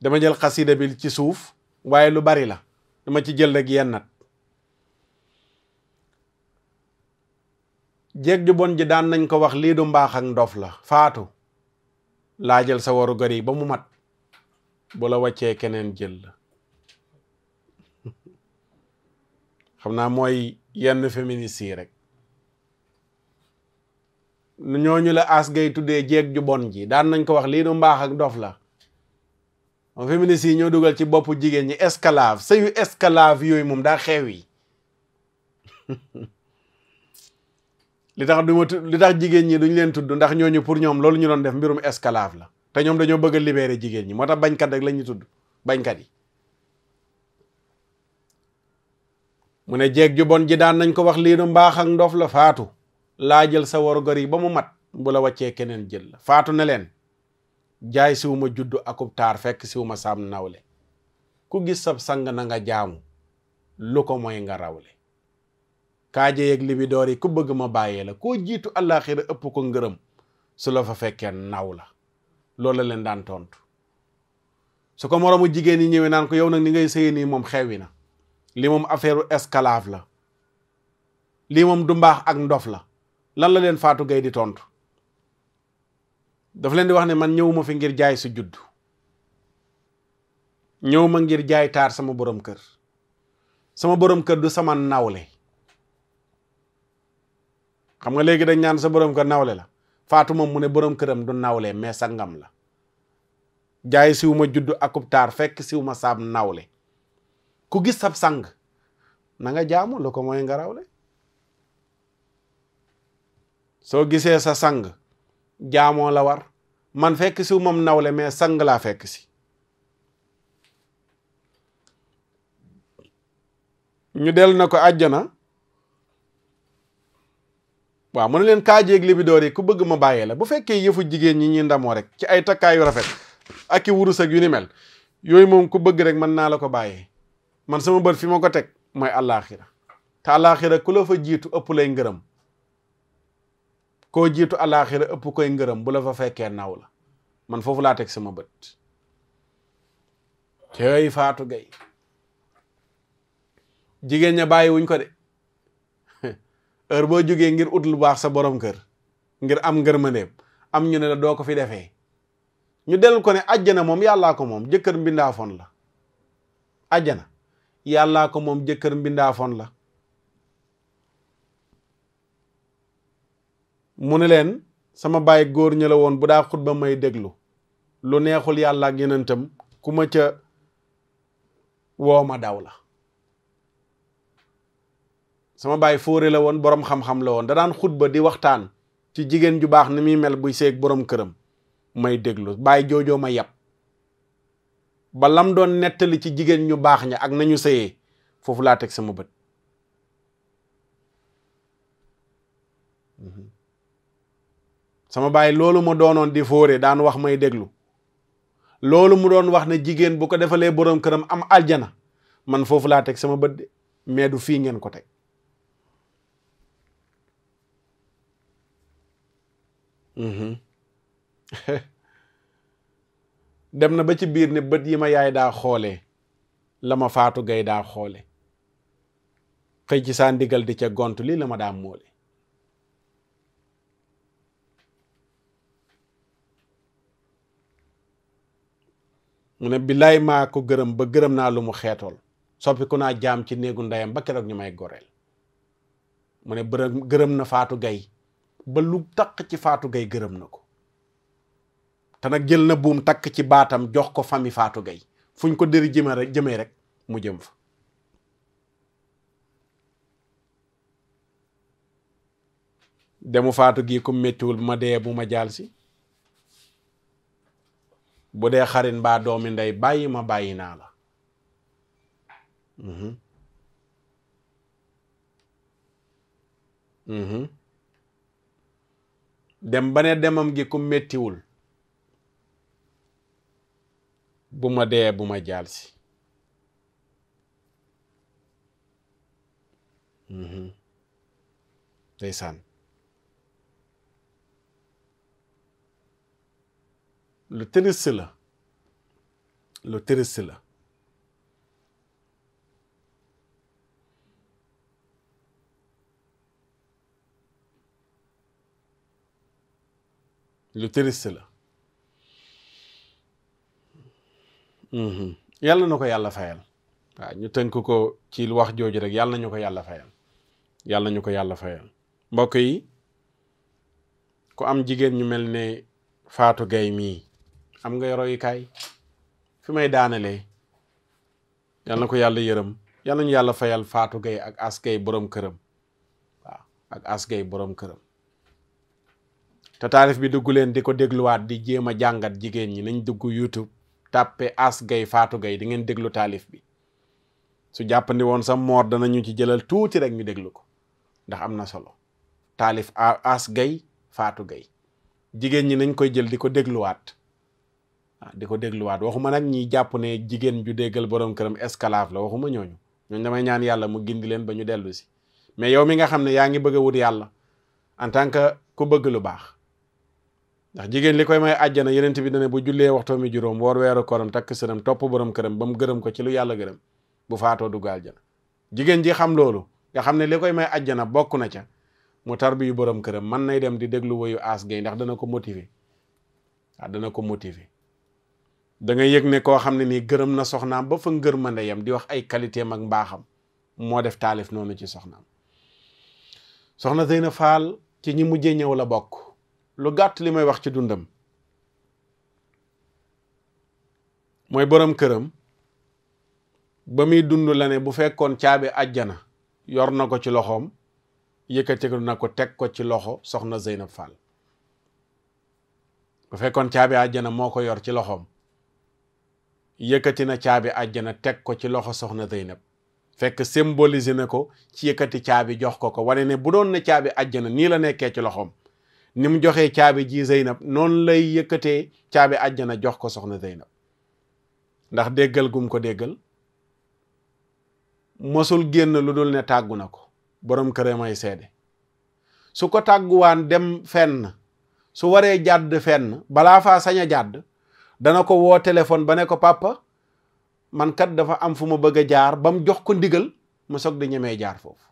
dama jël xasida bi ci suuf waaye lu bari la dama ci jël rek yenn nag jeeg ju bon ji daan nañ ko wax lii du mbaax ak la faatu laa jël sa waru ba mu mat bu la wàccee keneen jël la xam naa mooy yenn féministes yi rek ñoo ñu la as gay tuddee jeeg ju bon ji daan nañ ko wax lii du mbaax ak dof la moom féministes yi ñoo dugal ci boppu jigéen ñi esclave sëyu esclave yooyu moom daa xeew yi li tax du ma li tax jigéen ñi duñ leen tudd ndax ñooñu pour ñoom loolu ñu doon def mbirum esclave la te ñoom dañoo bëgg a libérer jigéen ñi moo tax bañkat rek la tudd bañkat yi mu ne jeeg ju bon ji daan nañ ko wax liinu mbaax ak ndof la faatu laa jël sa wargor yi ba mu mat bu la waccee keneen jël la faatu ne leen jaay siwuma juddu akub taar fekk siwuma saam nawle ku gis sab sang na nga jaamu lu ko moy nga rawle kaaje yeeg libi door yi ku bëgg ma bàyyee la koo jiitu àllaaxira ëpp ko ngërëm su la fa fekkee naw la loolu la leen daan tontu su ko moroomu jigéen ñi ñëwee naan ko yow nag ni ngay sëyee nii moom xewwi na lii moom affaire esclave la lii moom du mbaax ak ndof la lan la leen faatu gay di tontu dafa leen di wax ne man ñëwuma fi ngir jaay su judd ñëwuma ngir jaay taar sama borom kër sama borom kër du sama nawle xam nga léegi dañ ñaan sa borom kër nawle la faatu moom mu ne borom këram du nawle mais sa ngam la jaay siw ma judd akub taar fekk siw ma saab nawle ku gis sab sang na nga jaamu lu ko mooy ngarawle soo gisee sa sang jaamoo la war man fekk si moom le mais sang laa fekk si ñu dellu na ko àjjana waaw mu ne leen kaajeeg libidoor yi ku bëgg ma bàyyee la bu fekkee yëfu jigéen ñi ñuy ndamoo rek ci ay takkaayu rafet ak i wurus ak yu ni mel yooyu moom ku bëgg rek mën naa la ko bàyyee man sama bët fi ma ko teg mooy àllaaxira te àllaaxira ku la fa jiitu ëpp lay ngërëm koo jiitu àllaaxira ëpp koy ngërëm bu la fa fekkee naaw la man foofu laa teg sama bët cey faatu gay jigéen ña bàyyi wuñ ko de heure boo jógee ngir ut lu baax sa borom kër ngir am ngërmandeem am ñu ne la doo ko fi defee ñu dellu ko ne ajjana moom yàllaa ko moom jëkkër mbindaafoon la ajjana yàllaa ko moom jëkkër mbindaafoon la mu ne leen sama baay góor ñi la woon bu daa xutba may déglu lu neexul yàllaa ak yenentam ku ma ca wooma daw la sama baay fóore la woon boroom xam-xam la woon da daan xutba di waxtaan ci jigéen ju baax ni muy mel buy seeg boroom këram may déglu baay joojoo ma yàpp ba lam doon nettali ci jigéen ñu baax ña ak nañu sëyee foofu laa teg sama bët mhm. sama baay loolu ma doonoon di fóore daan wax may déglu loolu mu doon wax ne jigéen bu ko defalee boroom këram am aljana man foofu laa teg sama bët de mais du fii ngeen ko teg mhm. dem na ba ci biir ne bët yi ma yaay daa xoole la ma faatu gay daa xoole xëy ci saa ndigal di ca gont lii la ma daa moole mu ne billaay maa ko gërëm ba gërëm naa lu mu xeetool soppi ku naa jaam ci néegu ndeyam ba keroog ñu may goreel mu ne bërë gërëm na faatu gay ba lu taq ci faatu gay gërëm na ko te nag jël na buum takk ci baatam jox ko fami Faatu Gay fuñ ko dëri jëme rek jëmee rek mu jëm fa demu faatu gi ku méttiwul bu ma dee bu ma jaal si bu dee xarit mbaa doomi ndey bàyyi ma bàyyi naa la mm-hmm. dem ba ne demam gi ku méttiwul bu ma dee bu ma jaal si mhm. ndeysaan lu triste la lu triste la lu triste la Mm-hmm. yàlla na ko yàlla fayal waaw ñu tënk ko ci wax jooju rek yàlla na ñu ko yàlla fayal yàlla ko yàlla fayal mbokk yi ku am jigéen ñu mel ne faatu Gaye mii am ngay royukaay fi may daanalee yàlla na ko yàlla yërëm yàlla ñu yàlla fayal Fatou gay ak As Gaye borom këram waaw ak As Gaye borom këram te taarif bi dugg leen di ko dégluwaat di jéem a jàngat jigéen ñi nañ dugg YouTube tàppe as gay faatu gay di ngeen déglu taalif bi su jàppandi woon sa moor danañu ci jëlal tuuti rek ñu déglu ko ndax am na solo taalif as gay faatu gay jigéen ñi nañ koy jël di ko dégluwaat ah di ko dégluwaat waxuma nag ñiy jàpp ne jigéen ju déggal borom këram esclave la waxuma ñooñu ñooñu damay ñaan yàlla mu gindi leen ba ñu dellu si mais yow mi nga xam ne yaa ngi bëgg a wut yàlla en tant que ku bëgg lu baax ndax jigéen li koy may àjjana yenent bi dane bu jullee waxtoo mi juróom woor weeru koram takk sëram topp borom këram ba mu gërëm ko ci lu yàlla gërëm bu faatoo dugg àjjana jigéen ji xam loolu nga xam ne li koy may àjjana bokk na ca mu tarbi yu borom këram man nay dem di déglu woyu aas gay ndax dana ko motiver ah dana ko motive da nga yëg ne koo xam ne nii gërëm na soxnaam ba fa ngërmande yam di wax ay qualité am mbaaxam moo def taalif noonu ci soxnaam soxna Zeyna Fall ci ñi mujjee ñëw la bokk lu gàtt li may wax ci dundam mooy borom këram ba muy dund la ne bu fekkoon caabi àjjana yor na ko ci loxoom yëkkati na ko teg ko ci loxo soxna Zeynab Fall bu fekkoon caabi àjjana moo ko yor ci loxoom yëkkati na caabi àjjana teg ko ci loxo soxna Zeynab fekk symboliser na ko ci yëkkati caabi jox ko ko wane ne bu doon ne caabi àjjana nii la nekkee ci loxoom ni mu joxee caabi ji Zeynab noonu lay yëkkatee caabi àjjana jox ko soxna Zeynab ndax déggal gum ko déggal mosul génn lu dul ne tàggu na ko borom këram ay seede su ko tàgguwaan dem fenn su waree jàdd fenn balaa faa sañ a jàdd dana ko woo téléphone ba ne ko papa man kat dafa am fu ma bëgg a jaar ba mu jox ko ndigal mu soog di ñemee jaar foofu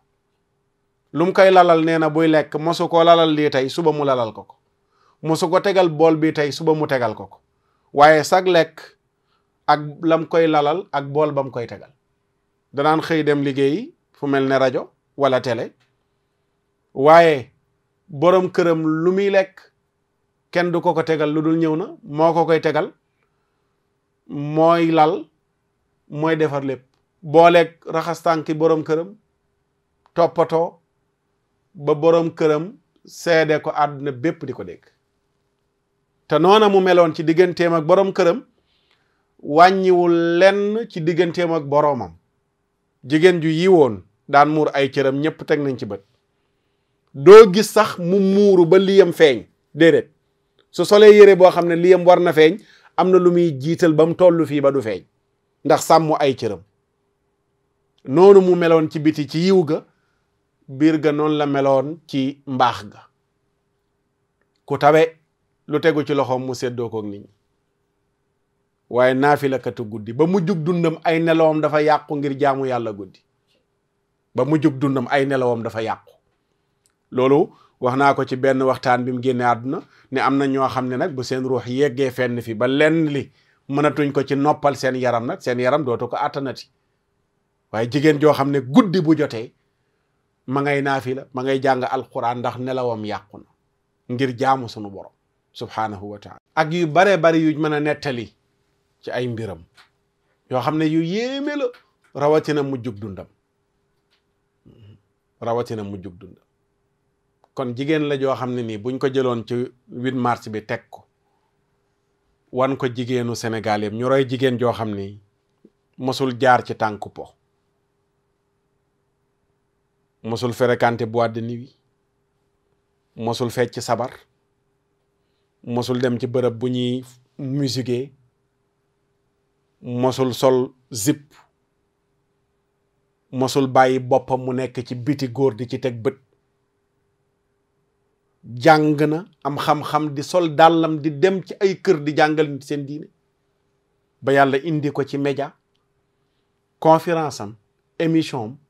lu mu koy lalal nee na buy lekk mosu koo lalal lii tey suba mu lalal ko ko mosu ko tegal bool bi tey suba mu tegal ko ko waaye sag lekk ak lam koy lalal ak bool ba mu koy tegal danaan xëy dem liggéeyi fu mel ne rajo wala tele waaye borom këram lu muy lekk kenn du ko ko tegal lu dul ñëw na moo ko koy tegal mooy lal mooy defar lépp booleek raxas tànki borom këram toppatoo ba boroom këram seede ko àdduna bépp di ko dégg te noona mu meloon ci digganteem ak boroom këram wàññiwul lenn ci digganteem ak boroomam jigéen ju yiwoon daan muur ay cëram ñëpp teg nañ ci bët doo gis sax mu muuru ba liyam feeñ déedéet su solee yére boo xam ne liyam war na feeñ am na lu muy jiital ba mu toll fii ba du feeñ ndax sàmm ay cëram noonu mu meloon ci biti ci yiw ga biir ga noonu la meloon ci mbaax ga ku tawe lu tegu ci loxoom mu seddoo koog nit ñi waaye naafilakatu guddi ba mu jug dundam ay nelawam dafa yàqu ngir jaamu yàlla guddi ba mu jug dundam ay nelawam dafa yàqu loolu wax naa ko ci benn waxtaan bi mu génne àdduna ne am na ñoo xam ne nag bu seen ruux yeggee fenn fi ba lenn li mënatuñ ko ci noppal seen yaram nag seen yaram dootu ko àttanati waaye jigéen joo xam ne guddi bu jotee ma ngay naafila ma ngay jàng alxuraan ndax nelawam yàqu na ngir jaamu sunu borom subhaanahu wa ak yu bare bari yu mën a nettali ci ay mbiram yoo xam ne yu yéeme la rawatina mu jug dundam rawatina mu jug kon jigéen la joo xam ne nii buñ ko jëloon ci 8 mars bi teg ko wan ko jigéenu Sénégal yëpp ñu roy jigéen joo xam ni mosul jaar ci tànk po mosul fréquenté boîte de nuit mosul fecc sabar mosul dem ci bërëb bu ñuy musique mosul sol zip mosul bàyyi boppam mu nekk ci biti góor di ci teg bët jàng na am xam-xam di sol dàllam di dem ci ay kër di jàngal nit seen diine ba yàlla indi ko ci média conférence am émission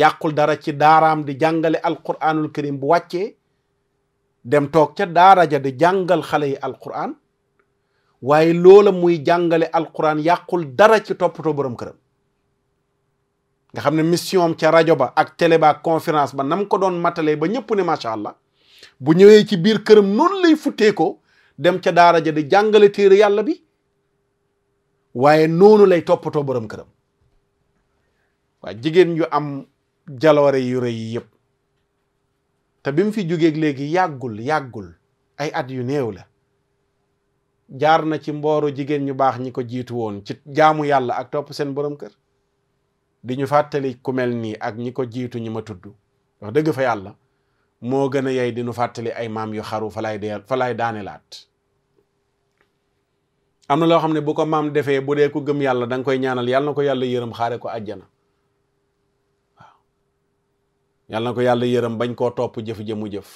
yàqul dara ci daaraam di jàngale alquranul karim bu wàccee dem toog ca daara ja di jàngal xale yi alquran waaye loola muy jàngale alquran yàqul dara ci toppatoo borom këram nga xam ne mission ca rajo ba ak télé ba ak conférence ba nam ko doon matalee ba ñëpp ne macha allah bu ñëwee ci biir këram noonu lay futtee ko dem ca daara ja di jàngale téere yàlla bi waaye noonu lay toppatoo borom këram waa jigéen yu am jaloore yu rëy yi yëpp te bi mu fi jógeeg léegi yàggul yàggul ay at yu néew la jaar na ci mbooru jigéen ñu baax ñi ko jiitu woon ci jaamu yàlla ak topp seen borom kër di ñu fàttali ku mel nii ak ñi ko jiitu ñi ma tudd wax dëgg fa yàlla moo gën a yey di ñu fàttali ay maam yu xaru falaay lay dee fa lay am na loo xam ne bu ko maam defee bu dee ku gëm yàlla da nga koy ñaanal yàlla na ko yàlla yërëm xaare ko àjjana yàlla na ko yàlla yërëm bañ koo topp jëf ja mu jëf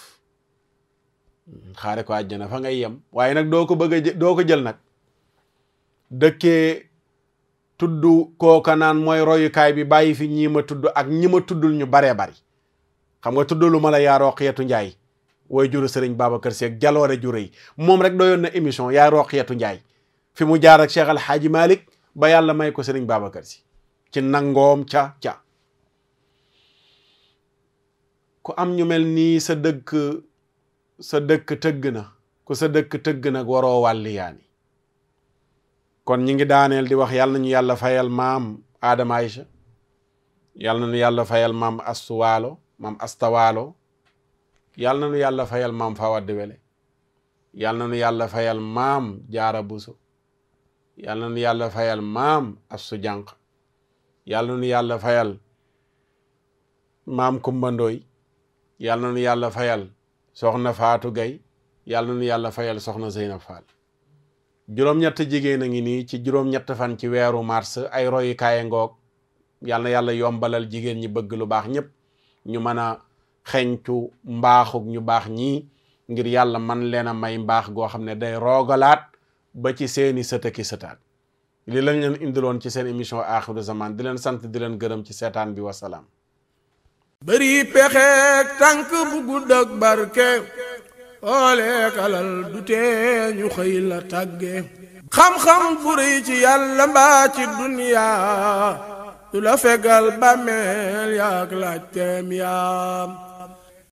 xaare ko àjjana fa ngay yem waaye nag doo ko bëgg a doo ko jël nag dëkkee tudd kooka naan mooy royukaay bi bàyyi fi ñii ma tudd ak ñi ma tuddul ñu baree bari xam nga tudd lu ma la yaa Roqiyatu Njaay wooy juru sëriñ Babacar Sy ak jaloore ju moom rek doyoon na émission yaa Roqiyatu Njaay fi mu jaar ak Cheikh Al ba yàlla may ko sëriñ Babacar Sy ci nangoom ca ca ku am ñu mel nii sa dëkk sa dëkk tëgg na ku sa dëkk tëgg nag waroo wàlliyaani kon ñi ngi daaneel di wax yàlla nañu yàlla fayal maam Adama yàlla nañu yàlla fayal maam astuwaalo maam astawaalo yàlla nañu yàlla fayal maam yàlla nañu yàlla fayal maam Jaara Buso yàlla nañu yàlla fayal maam Astu Jànq yàlla nañu yàlla fayal maam Kumba yàlla na nu yàlla fayal soxna Faatu Gay yàlla na nu yàlla fayal soxna Zeynab Fall juróom-ñett jigéen a ngi nii ci juróom-ñett fan ci weeru marse ay royukaay ngoog yàlla yàlla yombalal jigéen ñi bëgg lu baax ñëpp ñu mën a xeñtu mbaaxug ñu baax ñii ngir yàlla man leen a may mbaax goo xam ne day roogalaat ba ci seeni sëtëki sëtaat li lañ leen indiloon ci seen émission axiru zaman di leen sant di leen gërëm ci seetaan bi wasalaam bëri pexeek tànk bu gudd ak barke ooleek alal du tee xëy la tàgge xam-xam bu rëy ci yàlla mbaa ci duniyaa du la fegal bàmmeel yaak laaj yaam